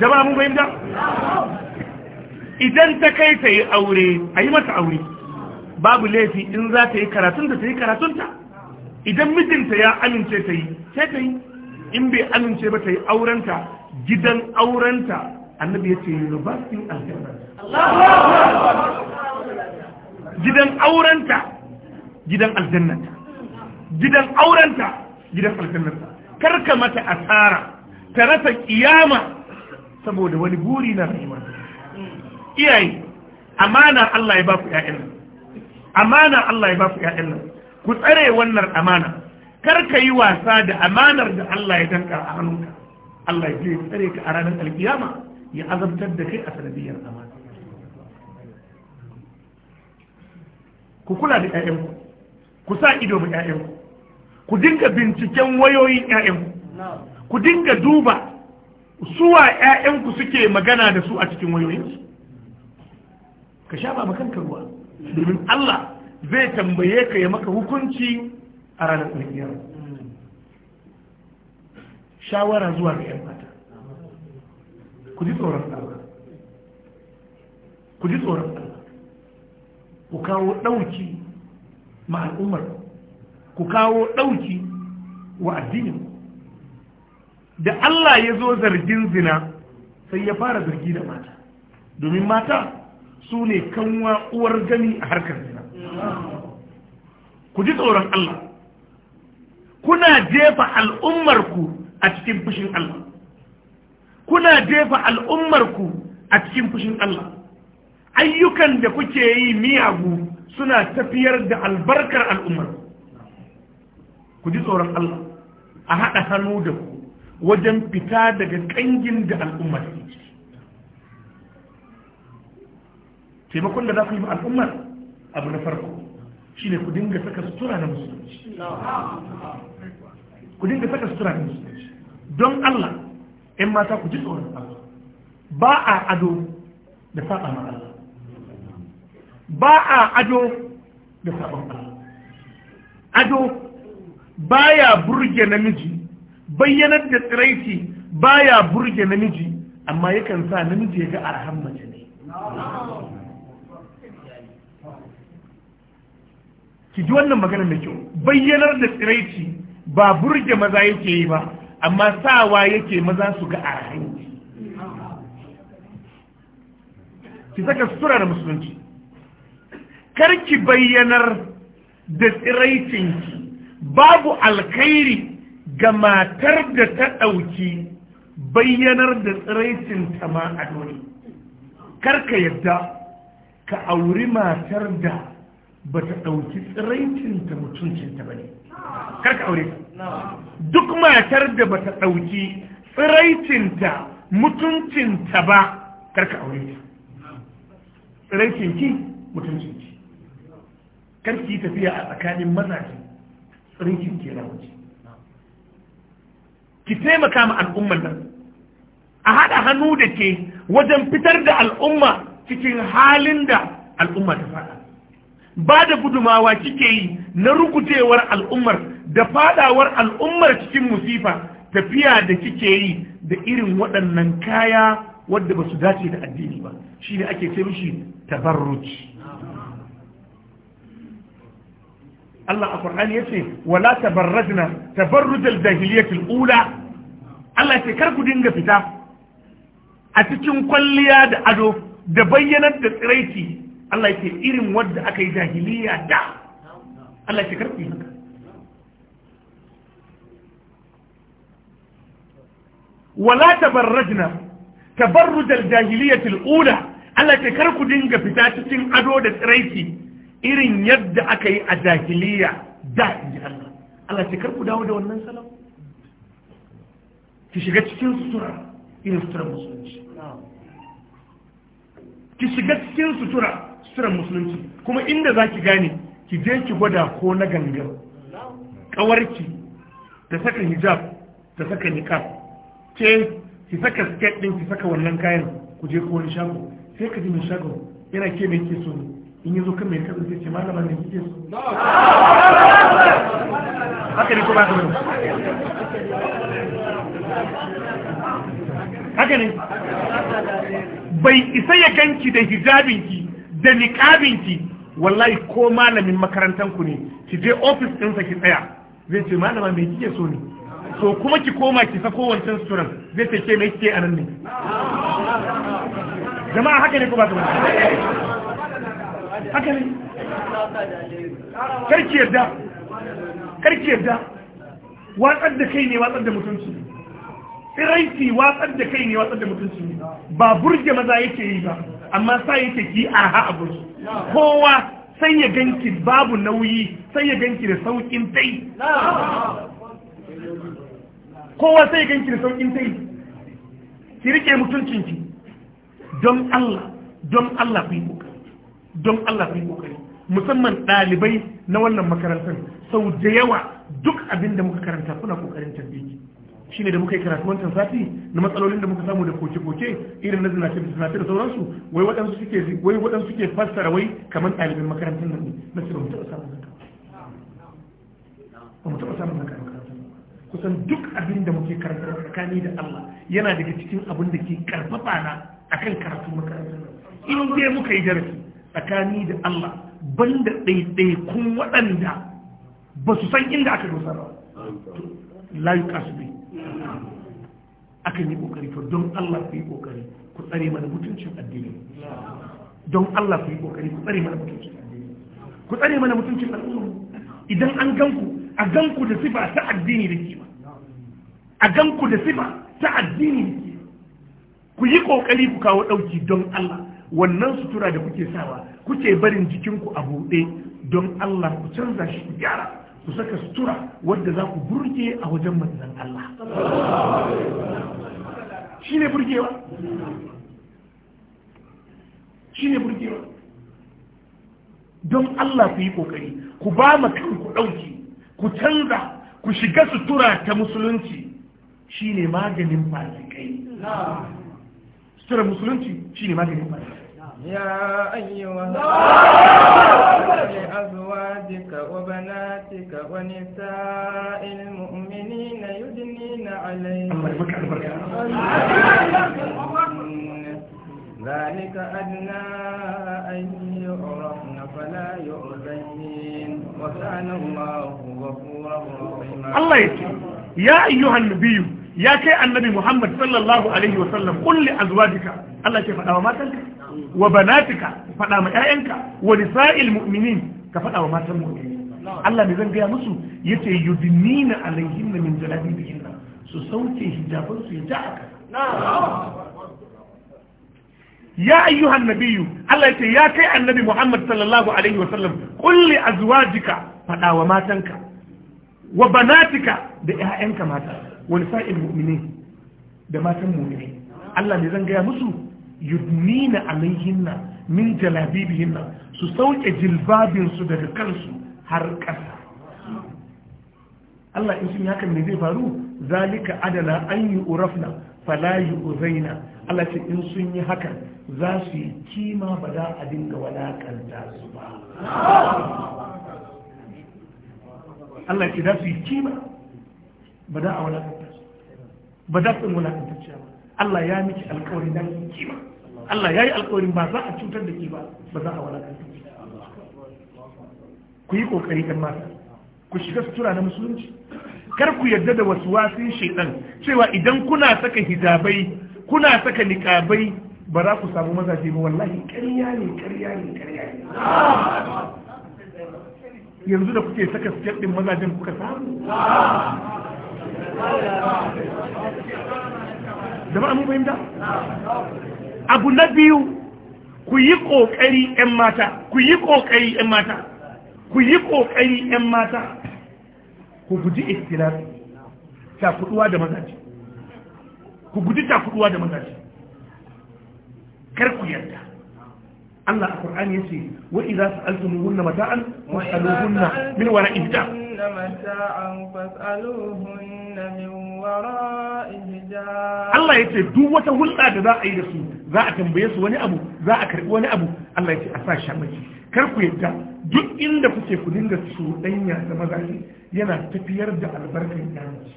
jama'a mun fahimta idan ta kai ta yi aure a yi mata aure babu laifi in za ta yi karatunta ta yi karatunta idan mijinta ya amince ta yi ta yi in bai amince ba ta yi aurenta gidan aurenta annabi ya ce university aljanna gidan aurenta gidan aljannata gidan aurenta gidan aljannata kar ka mata asara ta rasa kiyama saboda wani buri na rayuwa iyaye amana Allah ya ba ku ƴaƴan nan amana Allah ya ba ku ƴaƴan nan ku tsare wannan amana kar ka yi wasa da amanar da Allah ya danka a hannunka Allah ya je tsare ka a ranar alkiyama ya azabtar da kai a sanadiyar amana ku kula da ƴaƴanku ku sa ido mu ƴaƴanku ku dinga binciken wayoyin ƴaƴanku ku dinga duba suwa ƴaƴanku suke magana da su a cikin wayoyinsu ka sha ba kanka ruwa domin Allah zai tambaye ka ya maka hukunci a ranar ƙungiyar shawara zuwa ga ƴan mata ku ji tsoron Allah ku ji tsoron Allah ku kawo ɗauki ma al'ummar ku kawo ɗauki wa addinin da Allah ya zo zargin zina sai ya fara zargi da mata domin mata su ne kanwa uwar gani a harkar zina ku ji tsoron Allah kuna jefa al'ummarku a cikin fushin Allah kuna jefa al'ummarku a cikin fushin Allah ayyukan da kuke yi miyagu suna tafiyar da albarkar al'ummar ku ji tsoron Allah a haɗa hannu da ku wajen fita daga ƙangin da al'ummar taimakon da za ku yi ma al'ummar abu na farko shi ne ku dinga saka sutura na musulunci ku dinga saka sutura na musulunci don Allah ‘yan mata ku ji tsoron Allah ba a ado da faɗa ma Allah ba a ado da sabon Allah ado baya burge namiji bayyanar da tsiraiti baya burge namiji amma yakan sa namiji ya ga arhan mace ne ki ji wannan maganar da kyau bayyanar da tsiraici ba burge maza yake yi ba amma sawa yake maza su ga arhan ki saka sura da musulunci karki bayyanar da tsiraicinki babu alkhairi ga matar da ta ɗauki bayyanar da tsiraicinta ma a doni karka yadda ka auri matar da ba ta ɗauki tsiraicinta mutuncinta ba ne karka aure duk matar da ba ta ɗauki tsiraicinta mutuncinta ba karka aure ta tsiraicinki mutuncinki karki tafiya a tsakanin mazaje tsinkin ke waje ki taimaka ma al'ummar nan a haɗa hannu da ke wajen fitar da al'umma cikin halin da al'umma ta faɗa ba da gudumawa kike yi na rukutewar al'ummar da faɗawar al'ummar cikin musifa tafiya da kike yi da irin waɗannan kaya wadda ba su dace da addini ba shine ake ce mishi tabarruci Allah a ya ce, wala tabarrajna tabarrujal jahiliyatil ula Allah ce kar ku dinga fita a cikin kwalliya da ado da bayyanar da tsiraici Allah ce irin wadda aka yi jahiliya da Allah ce kar ku haka wala tabarrajna tabarrujal jahiliyatil ula Allah ce kar ku dinga fita cikin ado da tsiraici irin yadda aka yi a jahiliya da in ji Allah Allah ce ku dawo da wannan salam ki shiga cikin sutura irin suturar musulunci ki shiga cikin sutura suturar musulunci kuma inda za ki gane ki je ki gwada ko na gangar kawarki ta saka hijab ta saka niqab ce ki saka skirt din ki saka wannan kayan ku je ko wani shago sai ka ji mai shago yana ke mai ke so ne in yi zo kan mai kaɗin zai ce malaman ne kike so haka ne ko ba ka bane haka ne bai isa ya ganki da hijabinki da niƙabinki wallahi ko malamin ku ne ki je ofis ɗinsa ki tsaya zai ce malama mai kike so ne so kuma ki koma ki sako wancan suturan zai ce ke mai kike anan ne jama'a haka ne ko ba ka bane haka ne karki yadda karki yadda watsar da kai ne watsar da mutunci tsiraiti watsar da kai ne watsar da mutunci ne ba burge maza yake yi ba amma sa yake ki ha a burge kowa sai ya ganki babu nauyi sai ya ganki da saukin tai kowa sai ya ganki da saukin tai ki rike mutuncinki don Allah don Allah ku yi kokari don Allah ku yi kokari musamman ɗalibai na wannan makarantar sau da yawa duk abin da muka karanta kuna kokarin Shi ne da muka yi karatu wancan sati na matsalolin da muka samu da koke-koke irin na zinace da zinace da sauransu wai waɗansu suke wai waɗansu suke fassara wai kamar ɗalibin makarantar nan ne na ce ba mu taɓa samun zaka ba mu taɓa samun haka kusan duk abin da muke karanta tsakani da Allah yana daga cikin abin da ke karfafa na akan karatu makarantar nan in dai muka yi darasi tsakani da Allah banda ɗaiɗaikun waɗanda ba su san inda aka dosa ba layu kasubi aka yi ƙoƙari fa don Allah ku yi ƙoƙari ku tsare mana mutuncin addini don Allah ku yi ƙoƙari ku tsare mana mutuncin addini ku tsare mana mutuncin al'umma idan an ganku a ganku da sifa ta addini da kima a ganku da sifa ta addini da kima ku yi ƙoƙari ku kawo ɗauki don Allah wannan sutura da kuke sawa kuke barin jikinku a buɗe don Allah ku canza shi gyara ku saka sutura wadda za ku burge a wajen manzan Allah shi ne burgewa shi ne burgewa don Allah ku yi ƙoƙari ku ba ma kanku ɗauki ku canza ku shiga sutura ta musulunci shi ne maganin fasikai suturar musulunci shine maganin ba يا أيها لأزواجك وبناتك ونساء المؤمنين يدنين عليهم ذلك أدنى أن يعرفن فلا يؤذين وكان الله غفورا رحيما الله يا أيها النبي ya kai annabi Muhammad sallallahu alaihi wa sallam kulli azwajika Allah ke faɗa wa matanka wa banatika faɗa ma ƴaƴanka wa nisa'il mu'minin ka faɗa wa matan mu'mini Allah ne zan gaya musu yace yudnina alaihinna min jalabibihinna su sauke hijaban su ya ya ayyuhan nabiyyu Allah yace ya kai annabi Muhammad sallallahu alaihi wa sallam kulli azwajika faɗa wa matanka wa banatika da ƴaƴanka mata wani sa'il mu'minin da matan mu'mini Allah ne zan gaya musu yudnina alaihinna min jalabibihinna su sauke jilbabinsu daga kansu har ƙasa Allah in sun hakan ne zai faru zalika adana an yi urafna fala yi uzaina Allah ce in sun yi hakan za su yi kima ba za a dinga walakanta su ba Allah ce za su yi kima ba za a walakanta ba za su muna kantacciya ba Allah ya miki alkawari na ki ba Allah ya yi alkawarin ba za a cutar da ke ba ba za a walakanta ku yi kokari kan mata ku shiga sutura na musulunci kar ku yarda da wasu wasin shaidan cewa idan kuna saka hijabai kuna saka niƙabai ba za ku samu mazaje ba wallahi ƙarya ne ƙarya ne ƙarya ne yanzu da kuke saka step din mazajen kuka samu jama'a mun fahimta abu na biyu ku yi ƙoƙari 'yan mata ku yi ƙoƙari 'yan mata ku yi ƙoƙari 'yan mata ku guji istilar takuduwa da mazaji ku guji takuduwa da mazaji kar ku yarda Allah a Qur'ani yace wa idza sa'altumuhunna mata'an fas'aluhunna min wara'i hijab Allah yace duk wata hulɗa da za a yi da su za a tambaye su wani abu za a karbi wani abu Allah ce a sa shamaki kar ku yadda duk inda kuke ku dinga cuɗanya da mazaje yana tafiyar da albarkar yanci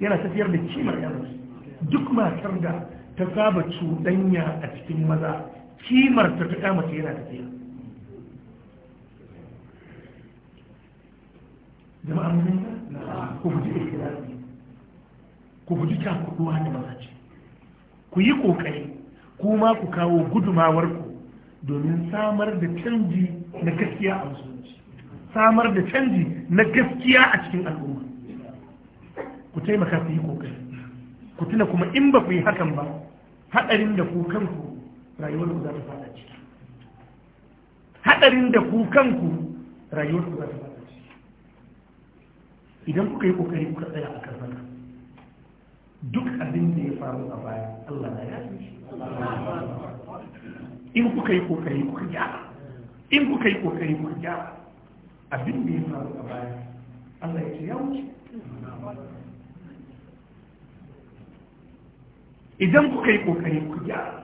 yana tafiyar da kimar yanci duk matar da ta saba cuɗanya a cikin maza kimar ta ta mace yana tafiya jama'a mun ku guji ikirafi ku guji cakuduwa da mazaje ku yi kokari kuma ku kawo ku domin samar da canji na gaskiya a musulunci samar da canji na gaskiya a cikin al'umma ku taimaka ku yi kokari ku tuna kuma in ba ku yi hakan ba haɗarin da ku kanku rayuwarku za ta fada ciki hadarin da ku kanku rayuwarku za ta fada ciki idan kuka yi kokari kuka tsaya a kan haka duk abin da ya faru a baya Allah na ya in kuka yi kokari kuka gyara in kuka yi kokari kuka gyara abin da ya faru a baya Allah ya ce ya wuce idan kuka yi kokari kuka gyara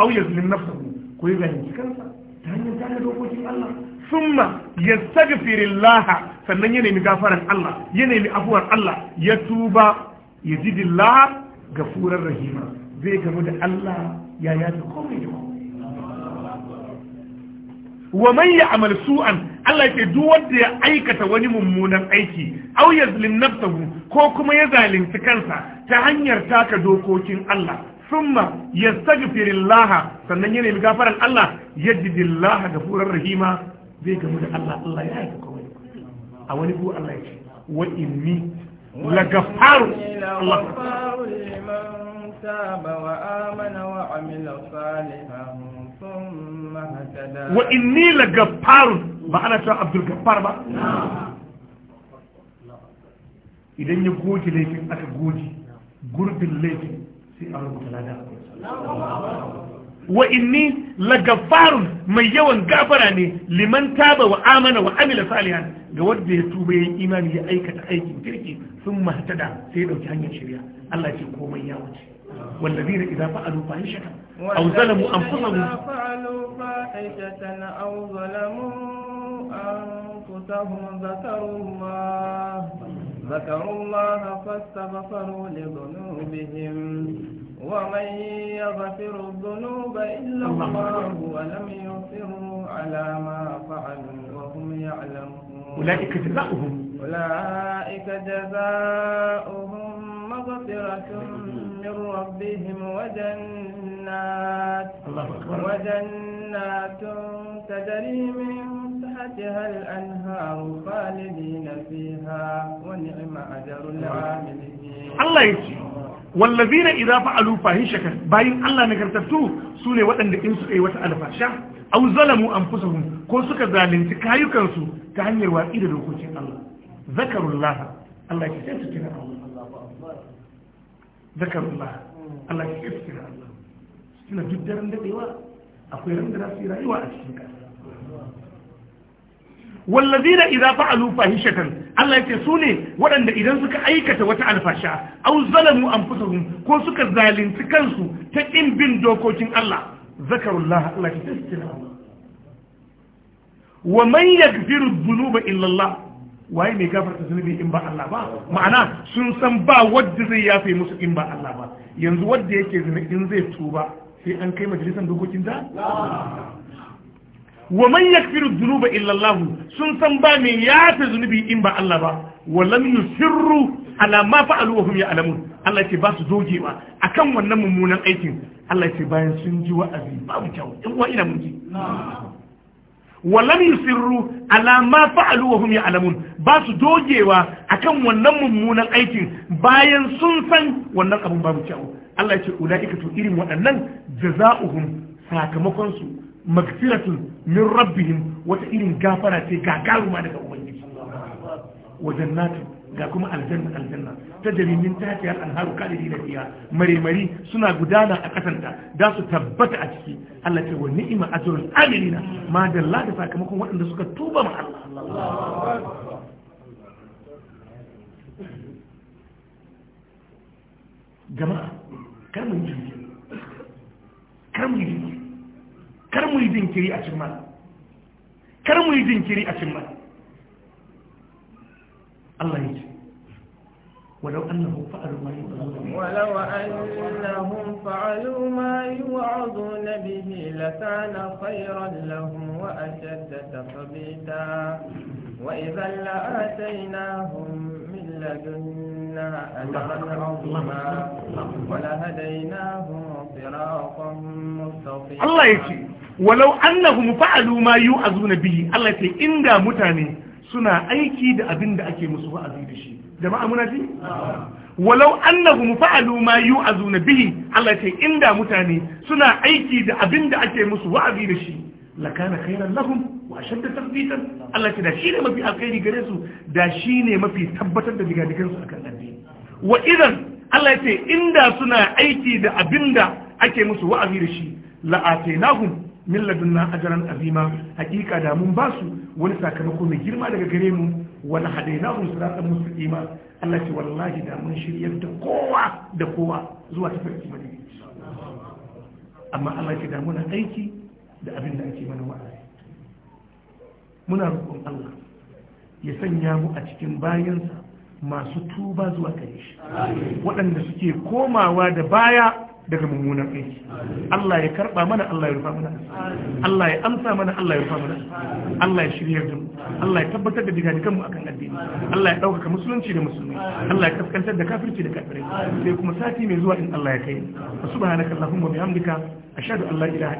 aw yazlim nafsahu ko ya zalunci kansa ta hanyar ta taka dokokin Allah summa yastaghfirullah sannan ya nemi gafaran Allah ya nemi afuwar Allah ya tuba ya ga furar rahima zai gamu da Allah ya yafi komai da komai wa man ya'mal su'an Allah ya ce duk wanda ya aikata wani mummunan aiki aw yazlim nafsahu ko kuma ya zalunci kansa ta hanyar taka dokokin Allah summa yastaghfirullaha sannan ya nemi gafaran Allah yajidillaha gafurar rahima zai gamu da Allah Allah ya haifa komai a wani ko Allah ya ce wa inni la gafaru Allah wa inni la gafaru ba ana cewa Abdul Gaffar ba idan ya goge laifin aka goge gurbin laifin sai a rubuta wa inni lagafarun mai yawan gafara ne liman taba wa amana wa amila salihan ga wanda ya tuba ya imani ya aikata aikin kirki sun mahtada sai ya dauki hanyar shirya Allah ce komai ya wuce والذين إذا فعلوا فاحشة أو ظلموا أنفسهم فعلوا فاحشة أو ظلموا أنفسهم ذكروا الله ذكروا الله فاستغفروا لذنوبهم ومن يغفر الذنوب إلا الله ولم يصروا على ما فعلوا وهم يعلمون أولئك جزاؤهم أولئك جزاؤهم مغفرة من ربهم وجنات وجنات تجري من تحتها الأنهار خالدين فيها ونعم أجر العاملين الله يجزي والذين إذا فعلوا فاحشة باين الله نكرتفتو سوني وأن إنسوا أي وتعالى فاحشة أو ظلموا أنفسهم كون سكا ذالين تكايو كنسو تهنير وإيد دوكوشين الله ذكروا الله الله يجزي الله zakarullah Allah ya iske da Allah suna duk daren daɗewa akwai ran da za su yi rayuwa a cikin ƙasa wallazina idza fa'alu fahishatan Allah ya ce su ne waɗanda idan suka aikata wata alfasha aw zalamu anfusahum ko suka zalunci kansu ta kin bin dokokin Allah zakarullah Allah ya iske Allah wa man yaghfiru dhunuba illa Allah waye mai gafarta zunubi in ba Allah ba ma'ana sun san ba wadda zai yafe musu in ba Allah ba yanzu wadda yake zina in zai tuba sai an kai majalisar dokokin da wa man yakfiru dhunuba illa Allah sun san ba mai yafe zunubi in ba Allah ba wa lam yusirru ala ma fa'alu wa hum ya'lamun Allah ce ba su dogewa akan wannan mummunan aikin Allah ce bayan sun ji wa'azi babu kyau in wa ina mun ji walam yusirru ala ma fa'alu wa hum ya'lamun ba su dogewa akan wannan mummunan aikin bayan sun san wannan abun babu kyau Allah ya ce ulaika to irin waɗannan jazaohum sakamakon su magfiratun min rabbihim wata irin gafara ce gagaruma daga ubangiji wa jannatin ga kuma aljanna aljanna ta jarimin tafiyar anharu kalidi na fiya Marimari suna gudana a kasanta da su tabbata a ciki Allah ce wa ni'ima ajrul amilina ma dalla da sakamakon waɗanda suka tuba ma Allah jama'a kar mu yi jinkiri kar mu yi jinkiri kar mu yi jinkiri a cikin mana kar mu yi jinkiri a cikin mana الله يجي ولو أنهم فعلوا ما يوعظون ولو أنهم فعلوا ما يوعظون به لكان خيرا لهم وأشد تثبيتا وإذا لآتيناهم من لدنا أجرا ولهديناهم صراطا مستقيما الله يجي ولو أنهم فعلوا ما يوعظون به الله يجي إن متاني suna aiki da abin da ake musu wa'azi da shi jama'a muna ji walau annahum fa'alu ma yu'azuna bihi Allah ce inda mutane suna aiki da abin da ake musu wa'azi da shi lakana khairan lahum wa ashadda tathbitan Allah ce da shi ne mafi alkhairi gare su da shi ne mafi tabbatar da digadigan su akan addini wa idan Allah ce inda suna aiki da abin da ake musu wa'azi da shi la'atainahum min ladunna ajran azima hakika da mun ba su wani sakamako mai girma daga gare mu wala mun siratan mustaqima Allah ce wallahi da mun shiryar da kowa da kowa zuwa tafarki madini amma Allah ce da muna aiki da abin da ake mana wa'azi muna roƙon Allah ya sanya mu a cikin bayansa masu tuba zuwa kare shi waɗanda suke komawa da baya daga mummunan aiki Allah ya karba mana Allah ya rufa mana Allah ya amsa mana Allah ya rufa mana Allah ya shirya da mu Allah ya tabbatar da digadikan kanmu akan addini Allah ya ɗaukaka musulunci da musulmi Allah ya kaskantar da kafirci da kafirai sai kuma sati mai zuwa in Allah ya kai allahumma bihamdika ashhadu an la ilaha